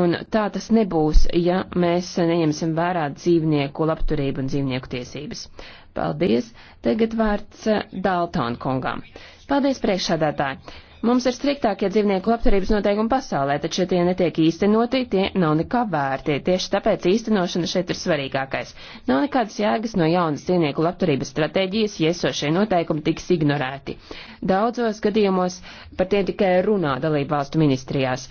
un tā tas nebūs, ja mēs neņemsim vērā dzīvnieku labturību un dzīvnieku tiesības. Paldies! Tagad vārds Dalton kungām. Paldies, priekšsādātāji! Mums ir striktākie dzīvnieku labturības noteikumi pasaulē, taču ja tie netiek īstenoti, tie nav nekā vērti. Tieši tāpēc īstenošana šeit ir svarīgākais. Nav nekādas jēgas no jaunas dzīvnieku labturības stratēģijas, ja esošie noteikumi tiks ignorēti. Daudzos gadījumos par tiem tikai runā dalību valstu ministrijās.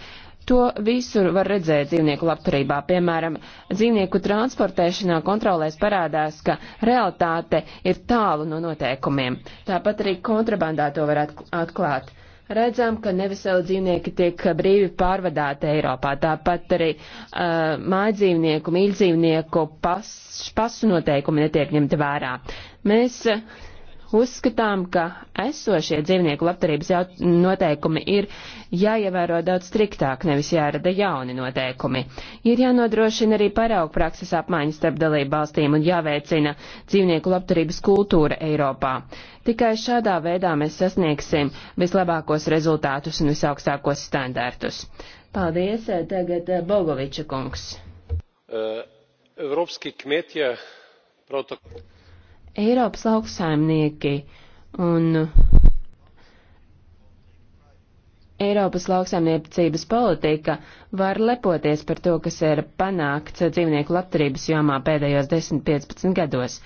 To visur var redzēt dzīvnieku labturībā. Piemēram, dzīvnieku transportēšanā kontrolēs parādās, ka realitāte ir tālu no noteikumiem. Tāpat arī kontrabandā to var atklāt redzam, ka neviseli dzīvnieki tiek brīvi pārvadāti Eiropā. Tāpat arī uh, mājdzīvnieku, mīļdzīvnieku pas, pasu noteikumi netiek ņemti vērā. Mēs uh, Uzskatām, ka esošie dzīvnieku labturības noteikumi ir jāievēro daudz striktāk, nevis jārada jauni noteikumi. Ir jānodrošina arī paraugu prakses apmaiņas starp dalību valstīm un jāveicina dzīvnieku labturības kultūra Eiropā. Tikai šādā veidā mēs sasniegsim vislabākos rezultātus un visaugstākos standārtus. Paldies, eh, tagad eh, Bogoviča kungs. Uh, Evropski kmetje prav tako. Eiropas lauksaimnieki un Eiropas lauksaimniecības politika var lepoties par to, kas ir panākts dzīvnieku labturības jomā pēdējos 10-15 gados.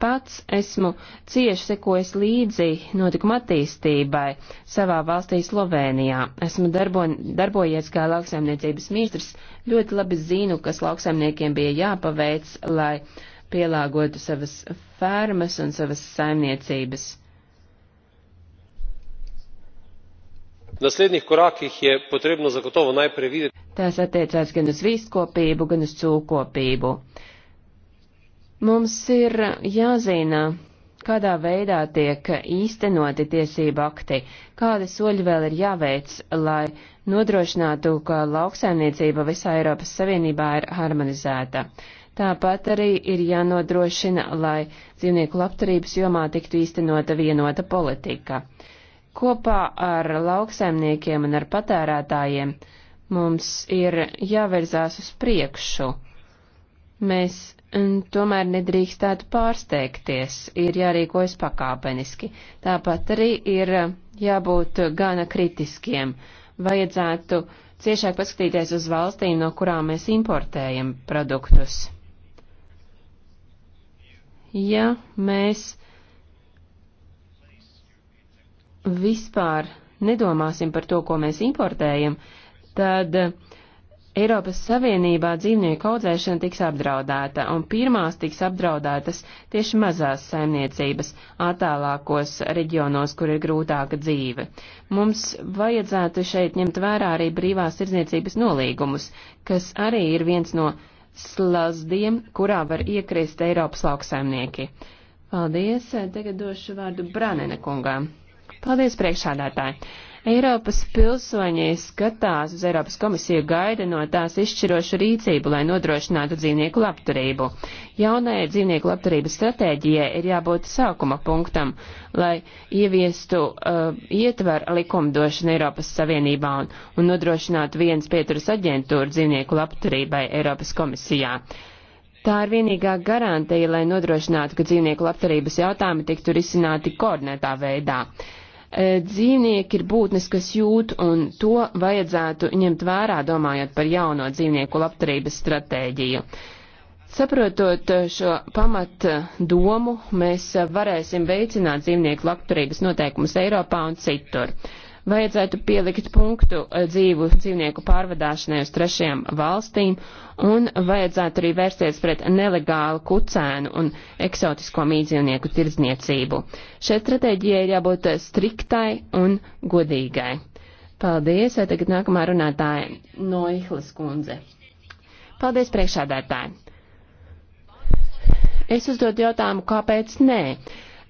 Pats esmu cieši sekojis līdzi notikuma attīstībai savā valstī Slovenijā. Esmu darbo, darbojies kā lauksaimniecības ministrs, ļoti labi zinu, kas lauksaimniekiem bija jāpaveic, lai uh, pielāgotu savas fermas un savas saimniecības. Naslednjih korakih je potrebno zagotovo najprej videti. Tās attiecās gan uz vīskopību, gan uz cūkopību. Mums ir jāzina, kādā veidā tiek īstenoti tiesību akti, kādi soļi vēl ir jāveic, lai nodrošinātu, ka lauksaimniecība visā Eiropas Savienībā ir harmonizēta. Tāpat arī ir jānodrošina, lai dzīvnieku labturības jomā tiktu īstenota vienota politika. Kopā ar lauksaimniekiem un ar patērētājiem mums ir jāverzās uz priekšu. Mēs mm, tomēr nedrīkstētu pārsteigties, ir jārīkojas pakāpeniski. Tāpat arī ir jābūt gana kritiskiem. Vajadzētu ciešāk paskatīties uz valstīm, no kurām mēs importējam produktus ja mēs vispār nedomāsim par to, ko mēs importējam, tad eh, Eiropas Savienībā dzīvnieku audzēšana tiks apdraudēta, un pirmās tiks apdraudētas tieši mazās saimniecības, attālākos reģionos, kur ir grūtāka dzīve. Mums vajadzētu šeit ņemt vērā arī brīvās tirdzniecības nolīgumus, kas arī ir viens no slazdiem, kurā var iekrist Eiropas lauksaimnieki. Paldies, tagad došu vārdu Branene kungām. Paldies, priekšādātāji. Eiropas pilsoņi skatās uz Eiropas komisiju gaida no tās izšķirošu rīcību, lai nodrošinātu dzīvnieku labturību. Jaunajai dzīvnieku labturības stratēģijai ir jābūt sākuma punktam, lai ieviestu uh, ietveru likumdošanu Eiropas Savienībā un, un nodrošinātu viens pieturas aģentūru dzīvnieku labturībai Eiropas komisijā. Tā ir vienīgā garantija, lai nodrošinātu, ka dzīvnieku labturības jautājumi tiktu risināti koordinētā veidā. Uh, E, dzīvnieki ir būtnes, kas jūt, un to vajadzētu ņemt vērā, domājot par jauno dzīvnieku labturības stratēģiju. Saprotot e, šo pamat e, domu, mēs varēsim veicināt dzīvnieku labturības noteikumus Eiropā un citur vajadzētu pielikt punktu eh, dzīvu dzīvnieku pārvadāšanai uz trešajām valstīm un vajadzētu arī vērsties pret nelegālu kucēnu un eksotisko mīdzīvnieku tirdzniecību. Šai stratēģijai ir jābūt eh, striktai un godīgai. Paldies, vai tagad nākamā runātāja Noihlas kundze. Paldies priekšādātāji. Es uzdodu jautājumu, kāpēc nē?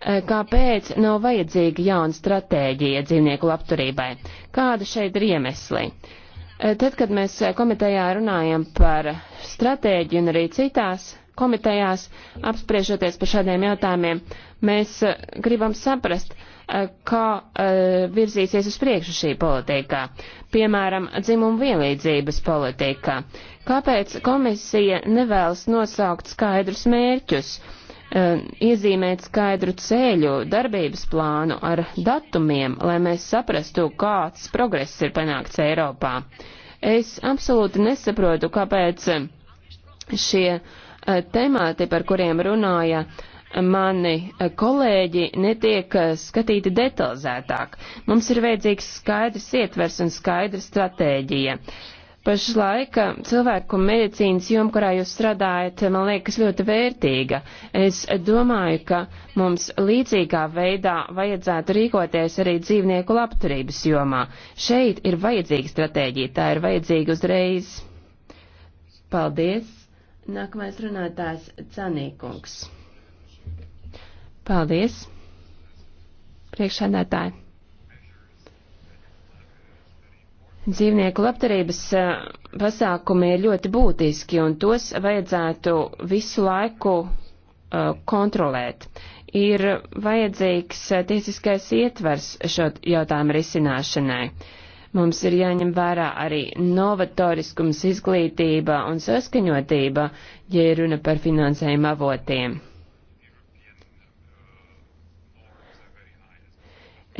Eh, kāpēc nav vajadzīga jauna stratēģija dzīvnieku labturībai. Kāda šeit ir iemesli? Eh, tad, kad mēs eh, komitejā runājam par stratēģiju un arī citās komitejās apspriežoties par šādiem jautājumiem, mēs gribam saprast, kā virzīsies uz priekšu šī politikā, piemēram, dzimumu vienlīdzības politikā. Kāpēc komisija nevēlas nosaukt skaidrus mērķus? E, iezīmēt skaidru ceļu, darbības plānu ar datumiem, lai mēs saprastu, kāds progress ir panākts Eiropā. Es absolūti nesaprotu, kāpēc šie e, temāti, par kuriem runāja mani e, kolēģi, netiek skatīti detalizētāk. Mums ir vajadzīgs skaidrs ietvers un skaidra stratēģija. Uh, Pašlaik cilvēku medicīnas joma, kurā jūs strādājat, man liekas ļoti vērtīga. Es domāju, ka mums līdzīgā veidā vajadzētu rīkoties arī dzīvnieku labturības jomā. Šeit ir vajadzīga stratēģija, tā ir vajadzīga uzreiz. Paldies. Nākamais runātājs Canīkungs. Paldies. Priekšsēdētāji. Dzīvnieku labdarības pasākumi ir ļoti būtiski, un tos vajadzētu visu laiku uh, kontrolēt. Ir vajadzīgs tiesiskais ietvers šo jautājumu risināšanai. Mums ir jāņem vērā arī novatoriskums, izglītība un saskaņotība, ja ir runa par finansējumu avotiem.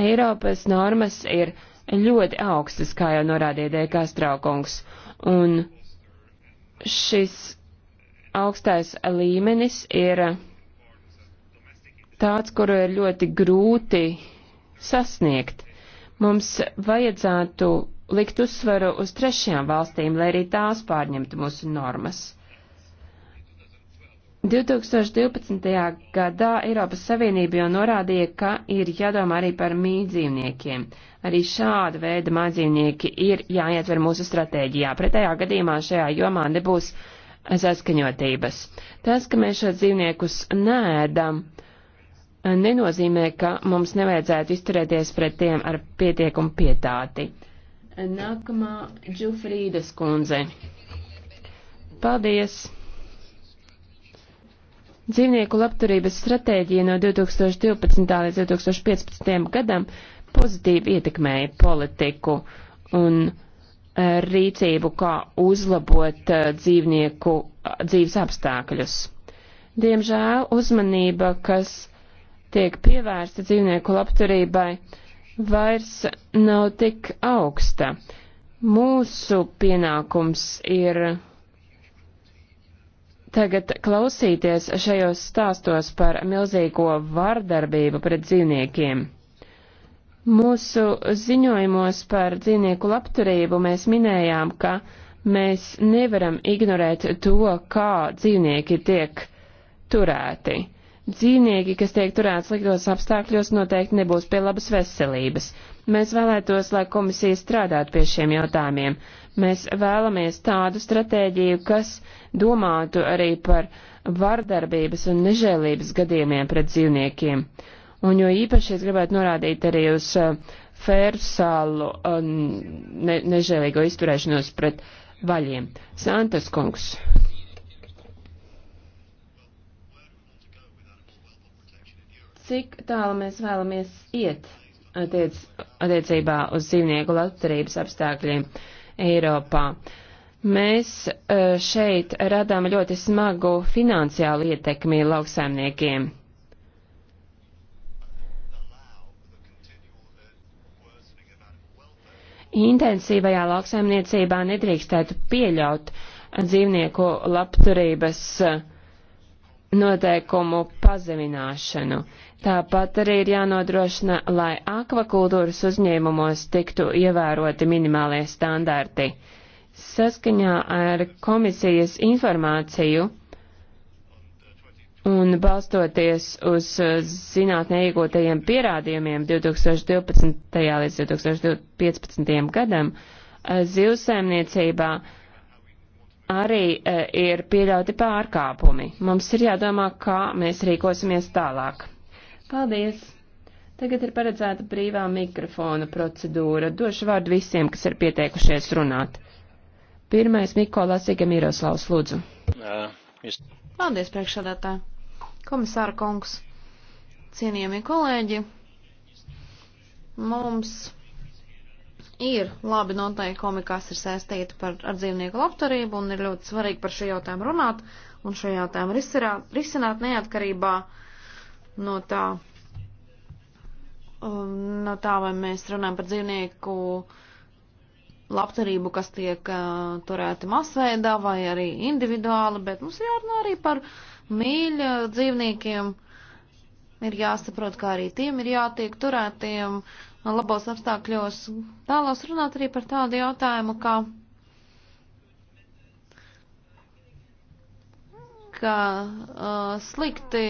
Eiropas normas ir ļoti augstas, kā jau norādīja Dēkā Straukungs, un šis augstais līmenis ir tāds, kuru ir ļoti grūti sasniegt. Mums vajadzētu likt uzsvaru uz trešajām valstīm, lai arī tās pārņemtu mūsu normas. 2012. gadā Eiropas Savienība jau norādīja, ka ir jādomā arī par mīdzīvniekiem. Arī šāda veida mājdzīvnieki ir jāietver mūsu stratēģijā. Pretējā gadījumā šajā jomā nebūs saskaņotības. Tas, ka mēs šos dzīvniekus nēdam, nenozīmē, ka mums nevajadzētu izturēties pret tiem ar pietiekumu pietāti. Nākamā Džufrīdas kundze. Paldies! Dzīvnieku labturības stratēģija no 2012. līdz 2015. gadam pozitīvi ietekmēja politiku un e, rīcību, kā uzlabot e, dzīvnieku dzīves apstākļus. Diemžēl uzmanība, kas tiek pievērsta dzīvnieku labturībai, vairs nav tik augsta. Mūsu pienākums ir Tagad klausīties šajos stāstos par milzīgo vardarbību pret dzīvniekiem. Mūsu ziņojumos par dzīvnieku labturību mēs minējām, ka mēs nevaram ignorēt to, kā dzīvnieki tiek turēti. Dzīvnieki, kas tiek turēti sliktos apstākļos, noteikti nebūs pie labas veselības. Mēs vēlētos, lai komisija strādātu pie šiem jautājumiem. Mēs vēlamies tādu stratēģiju, kas domātu arī par vardarbības un nežēlības gadījumiem pret dzīvniekiem. Un jo īpaši es gribētu norādīt arī uz uh, fērsālu um, ne, nežēlīgo izturēšanos pret vaļiem. Santas kungs. Cik tālu mēs vēlamies iet attiec, attiecībā uz dzīvnieku labturības apstākļiem? Uh, Eiropā. Mēs e, šeit radām ļoti smagu finansiālu ietekmi lauksaimniekiem. Intensīvajā lauksaimniecībā nedrīkstētu pieļaut dzīvnieku labturības uh, noteikumu pazemināšanu. Tāpat arī ir jānodrošina, lai akvakultūras uzņēmumos tiktu ievēroti minimālie standarti. Saskaņā ar komisijas informāciju un balstoties uz zinātnē iegūtajiem pierādījumiem 2012. līdz 2015. gadam, zivsēmniecībā arī e, ir pieļauti pārkāpumi. Mums ir jādomā, kā mēs rīkosimies tālāk. Paldies! Tagad ir paredzēta brīvā mikrofona procedūra. Došu vārdu visiem, kas ir pieteikušies runāt. Pirmais Nikolās Iga Miroslavs, lūdzu. Paldies, priekšsādātā. Komisāra kungs, cienījamie kolēģi, mums ir labi noteikumi, kas ir saistīti par, ar dzīvnieku labturību, un ir ļoti svarīgi par šo jautājumu runāt un šo jautājumu risināt, risināt neatkarībā no tā, um, no tā, vai mēs runājam par dzīvnieku labturību, kas tiek uh, turēti masveidā vai arī individuāli, bet mums jārunā arī par mīļa uh, dzīvniekiem. Ir jāsaprot, kā arī tiem ir jātiek turētiem. Uh, labos apstākļos. Tālāk runāt arī par tādu jautājumu, kā, ka uh, slikti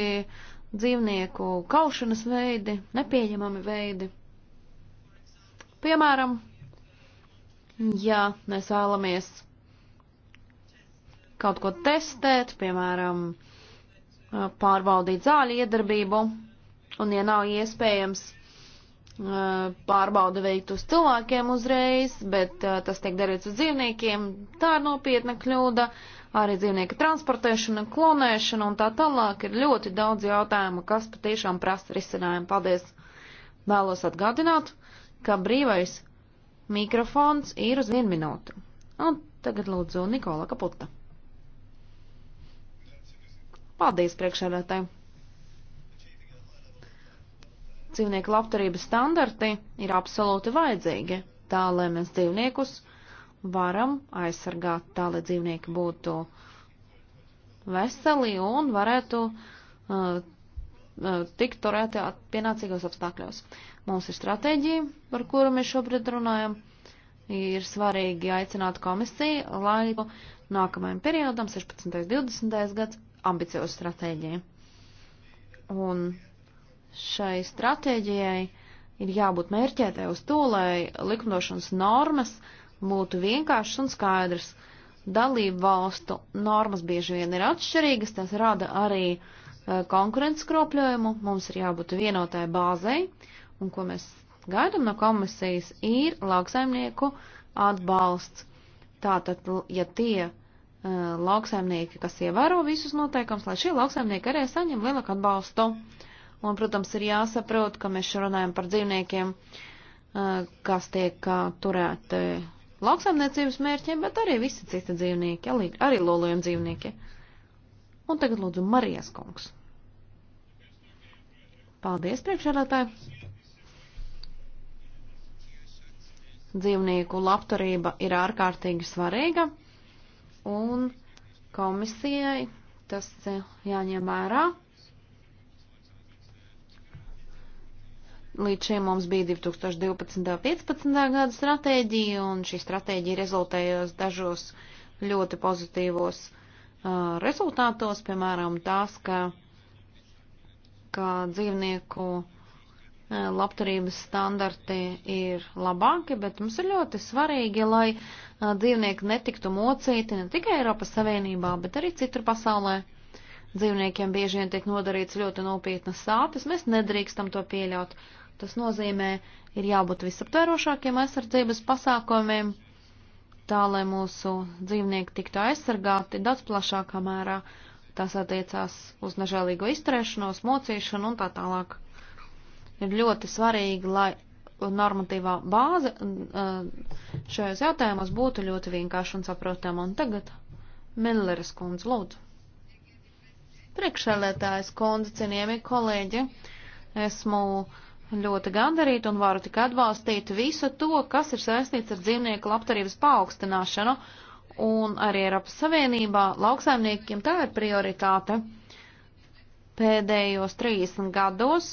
dzīvnieku kaušanas veidi, nepieņemami veidi. Piemēram, ja mēs vēlamies kaut ko testēt, piemēram, pārbaudīt zāļu iedarbību, un ja nav iespējams uh, pārbauda veikt uz cilvēkiem uzreiz, bet tas tiek darīts uz dzīvniekiem. Tā ir nopietna kļūda. Arī dzīvnieka transportēšana, klonēšana un tā tālāk ir ļoti daudz jautājumu, kas patiešām prasa risinājumu. Paldies! Vēlos atgādināt, ka brīvais mikrofons ir uz vienu minūtu. Un tagad lūdzu Nikola Kaputa. Paldies priekšēdētāji! dzīvnieku labturības standarti ir absolūti vajadzīgi, tā lai mēs dzīvniekus varam aizsargāt, tā lai dzīvnieki būtu veseli un varētu uh, uh tikt turēti pienācīgos apstākļos. Mums ir stratēģija, par kuru mēs šobrīd runājam. Ir svarīgi aicināt komisiju, lai nākamajam periodam, 16. un 20. gads, ambiciozu stratēģiju. Un šai stratēģijai ir jābūt mērķētai uz to, lai likumdošanas normas būtu vienkāršas un skaidras. Dalību valstu normas bieži vien ir atšķirīgas, tas rada arī e, konkurences kropļojumu, mums ir jābūt vienotai bāzei, un ko mēs gaidām no komisijas ir lauksaimnieku atbalsts. Tātad, ja tie e, lauksaimnieki, kas ievēro visus noteikums, lai šie lauksaimnieki arī saņem lielāku atbalstu. Un, protams, ir jāsaprot, ka mēs runājam par dzīvniekiem, kas tiek turēti lauksaimniecības mērķiem, bet arī visi citi dzīvnieki, arī, arī lolojumi dzīvnieki. Un tagad lūdzu Marijas kungs. Paldies, priekšsēdētāji! Dzīvnieku labturība ir ārkārtīgi svarīga, un komisijai tas jāņem vērā. Līdz šim mums bija 2012. un 2015. gada stratēģija, un šī stratēģija rezultējos dažos ļoti pozitīvos uh, rezultātos, piemēram, tās, ka, ka dzīvnieku uh, labturības standarti ir labāki, bet mums ir ļoti svarīgi, lai uh, dzīvnieki netiktu mocīti ne tikai Eiropas Savienībā, bet arī citur pasaulē. Dzīvniekiem bieži vien tiek nodarīts ļoti nopietnas sāpes, mēs nedrīkstam to pieļaut. Uh, Tas nozīmē, ir jābūt visaptvērošākiem aizsardzības pasākumiem, tā lai mūsu dzīvnieki tiktu aizsargāti daudz plašākā mērā. Tas attiecās uz nežēlīgo izturēšanos, mocīšanu un tā tālāk. Ir ļoti svarīgi, lai normatīvā bāze šajos jautājumos būtu ļoti vienkārši un saprotama. Un tagad Milleres kundze lūdzu. Priekšēlētājs kundze, cienījamie kolēģi, esmu uh, ļoti gandarīta un varu tik atbalstīt visu to, kas ir saistīts ar dzīvnieku labdarības paaugstināšanu, un arī Eiropas Savienībā lauksaimniekiem tā ir prioritāte. Pēdējos 30 gados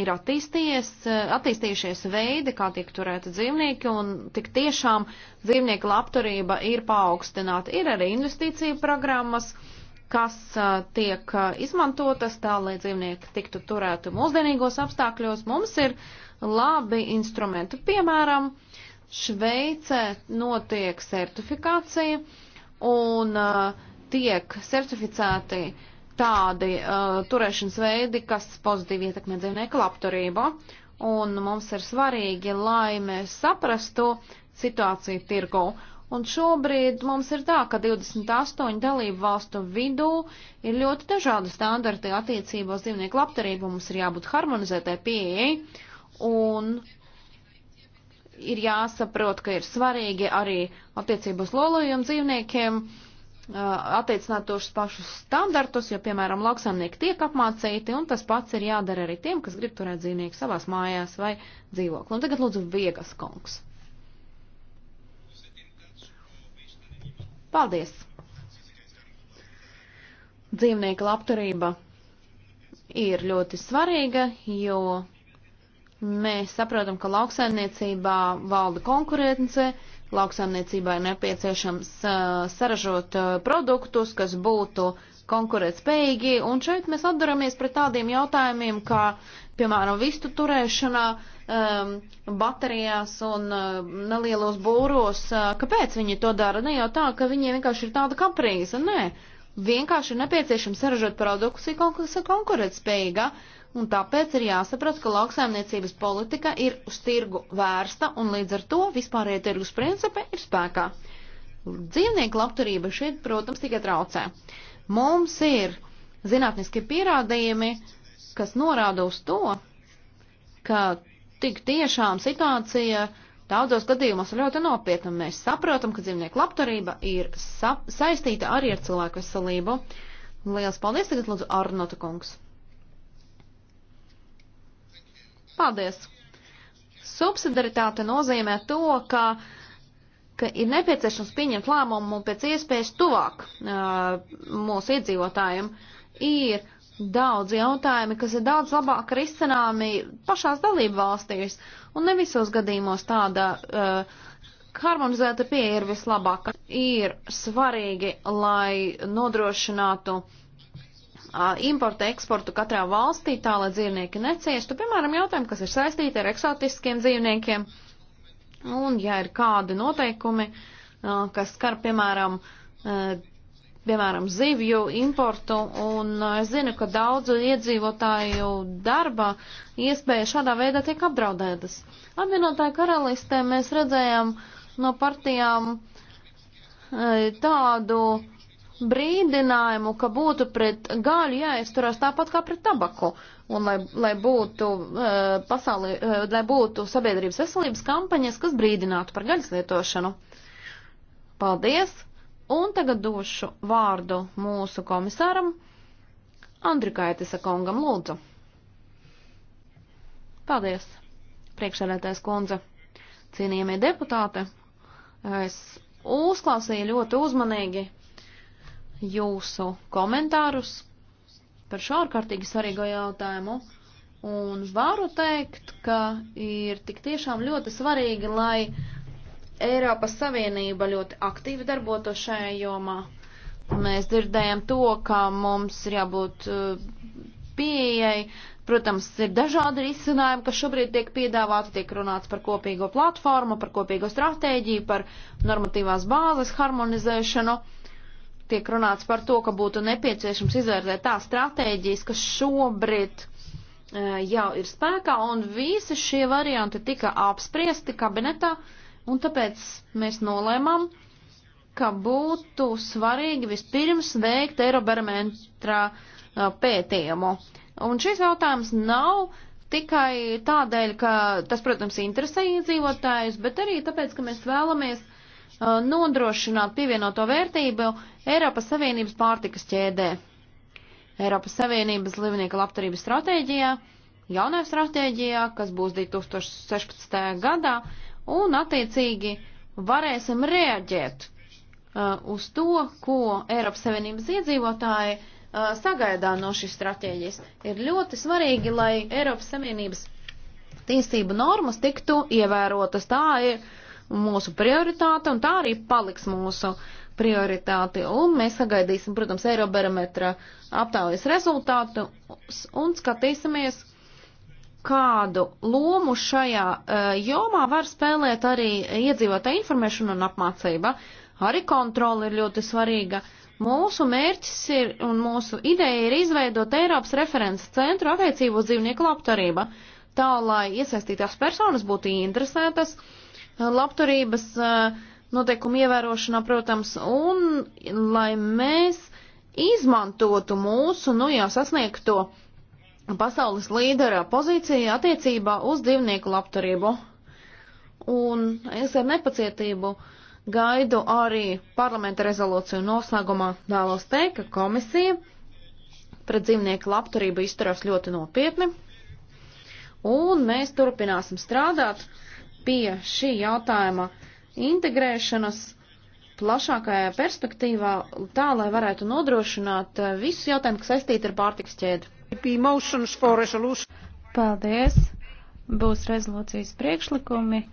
ir attīstījušies veidi, kā tiek turēti dzīvnieki, un tik tiešām dzīvnieku labturība ir paaugstināta. Ir arī investīcija programmas. Uh, kas tiek izmantotas tā, lai dzīvnieki tiktu turēti mūsdienīgos apstākļos. Mums ir labi instrumenti. Piemēram, Šveicē notiek certifikācija un tiek certificēti tādi uh, turēšanas veidi, kas pozitīvi ietekmē dzīvnieku labturību. Un mums ir svarīgi, lai mēs saprastu situāciju tirgu. Uh, Un šobrīd mums ir tā, ka 28 dalību valstu vidū ir ļoti dažādi standarti attiecībā uz dzīvnieku labturību, mums ir jābūt harmonizētai pieejai, un ir jāsaprot, ka ir svarīgi arī attiecībā uz lolojumu dzīvniekiem attiecināt tos pašus standartus, jo, piemēram, lauksaimnieki tiek apmācīti, un tas pats ir jādara arī tiem, kas grib turēt dzīvnieku savās mājās vai dzīvokli. Un tagad lūdzu Viegas kungs. Paldies! Dzīvnieku labturība ir ļoti svarīga, jo mēs saprotam, ka lauksaimniecībā valda konkurence, lauksaimniecībā ir nepieciešams uh, saražot uh, produktus, kas būtu konkurētspējīgi, un šeit mēs atdaramies pret tādiem jautājumiem, kā, piemēram, vistu turēšanā, uh, um, baterijās un uh, nelielos būros. Uh, kāpēc viņi to dara? Ne jau tā, ka viņiem vienkārši ir tāda kaprīza. Nē, vienkārši ir nepieciešams saražot produkciju, kas ir konkurētspējīga. Un tāpēc ir jāsaprot, ka lauksaimniecības politika ir uz tirgu vērsta un līdz ar to vispārējie tirgus principi ir spēkā. Dzīvnieku labturība šeit, protams, tikai traucē. Mums ir zinātniski pierādījumi, kas norāda uz to, ka tik tiešām situācija daudzos gadījumos ir ļoti nopietna. Mēs saprotam, ka dzīvnieku labturība ir sa saistīta arī ar cilvēku veselību. Lielas paldies tagad lūdzu Arnota kungs. Paldies. Subsidaritāte nozīmē to, ka ka ir nepieciešams pieņemt lēmumu pēc iespējas tuvāk uh, mūsu iedzīvotājiem. Ir daudz jautājumi, kas ir daudz labāk risināmi pašās dalību valstīs, un ne visos gadījumos tāda uh, harmonizēta pieeja ir vislabākā. Ir svarīgi, lai nodrošinātu uh, importu, eksportu katrā valstī, tā lai dzīvnieki neciestu, piemēram, jautājumi, kas ir saistīti ar eksotiskiem dzīvniekiem, un ja ir kādi noteikumi, uh, kas skar, piemēram, uh, piemēram, zivju importu, un uh, es zinu, ka daudzu iedzīvotāju darba iespēja šādā veidā tiek apdraudētas. Apvienotāja karalistē mēs redzējām no partijām uh, tādu brīdinājumu, ka būtu pret gaļu jāizturās tāpat kā pret tabaku, un lai, lai būtu, uh, pasauli, uh, lai būtu sabiedrības veselības kampaņas, kas brīdinātu par gaļas lietošanu. Paldies! Un tagad došu vārdu mūsu komisāram Andrikaitisa kungam lūdzu. Paldies, priekšsēdētājs kundze, cienījamie deputāti. Es uzklausīju ļoti uzmanīgi jūsu komentārus par šo ārkārtīgi svarīgo jautājumu. Un varu teikt, ka ir tik tiešām ļoti svarīgi, lai Eiropas Savienība ļoti aktīvi darbotos šajā jomā. Mēs dzirdējam to, ka mums ir jābūt uh, pieejai. Protams, ir dažādi risinājumi, kas šobrīd tiek piedāvāti, tiek runāts par kopīgo platformu, par kopīgo stratēģiju, par normatīvās bāzes harmonizēšanu. Tiek runāts par to, ka būtu nepieciešams izvērtēt tās stratēģijas, kas šobrīd uh, jau ir spēkā, un visi šie varianti tika apspriesti kabinetā. Uh, Un tāpēc mēs nolēmām, ka būtu svarīgi vispirms veikt Eirobarometrā pētījumu. Un šis jautājums nav tikai tādēļ, ka tas, protams, interesē iedzīvotājus, bet arī tāpēc, ka mēs vēlamies nodrošināt pievienoto vērtību Eiropas Savienības pārtikas ķēdē. Eiropas Savienības livnieka labturības stratēģijā, jaunajā stratēģijā, kas būs 2016. gadā, un attiecīgi varēsim reaģēt uh, uz to, ko Eiropas Savienības iedzīvotāji uh, sagaidā no šīs stratēģijas. Ir ļoti svarīgi, lai Eiropas Savienības tiesību normas tiktu ievērotas. Tā ir mūsu prioritāte un tā arī paliks mūsu prioritāte. Un mēs sagaidīsim, protams, Eirobarometra aptaujas rezultātu un skatīsimies, kādu lomu šajā uh, jomā var spēlēt arī iedzīvotāja informēšana un apmācība. Arī kontrola ir ļoti svarīga. Mūsu mērķis ir un mūsu ideja ir izveidot Eiropas references centru attiecību uz dzīvnieku labturību, tā lai iesaistītās personas būtu interesētas eh, labturības uh, noteikumu ievērošanā, protams, un lai mēs izmantotu mūsu, nu jau sasniegto pasaules līdera pozīcija attiecībā uz dzīvnieku labturību. Un es ar nepacietību gaidu arī parlamenta rezolūciju noslēgumā vēlos teikt, ka komisija pret dzīvnieku labturību izturās ļoti nopietni. Un mēs turpināsim strādāt pie šī jautājuma integrēšanas plašākajā perspektīvā, tā lai varētu nodrošināt visus jautājumus, kas saistīti ar pārtiks ķēdi. Paldies! Būs rezolūcijas priekšlikumi.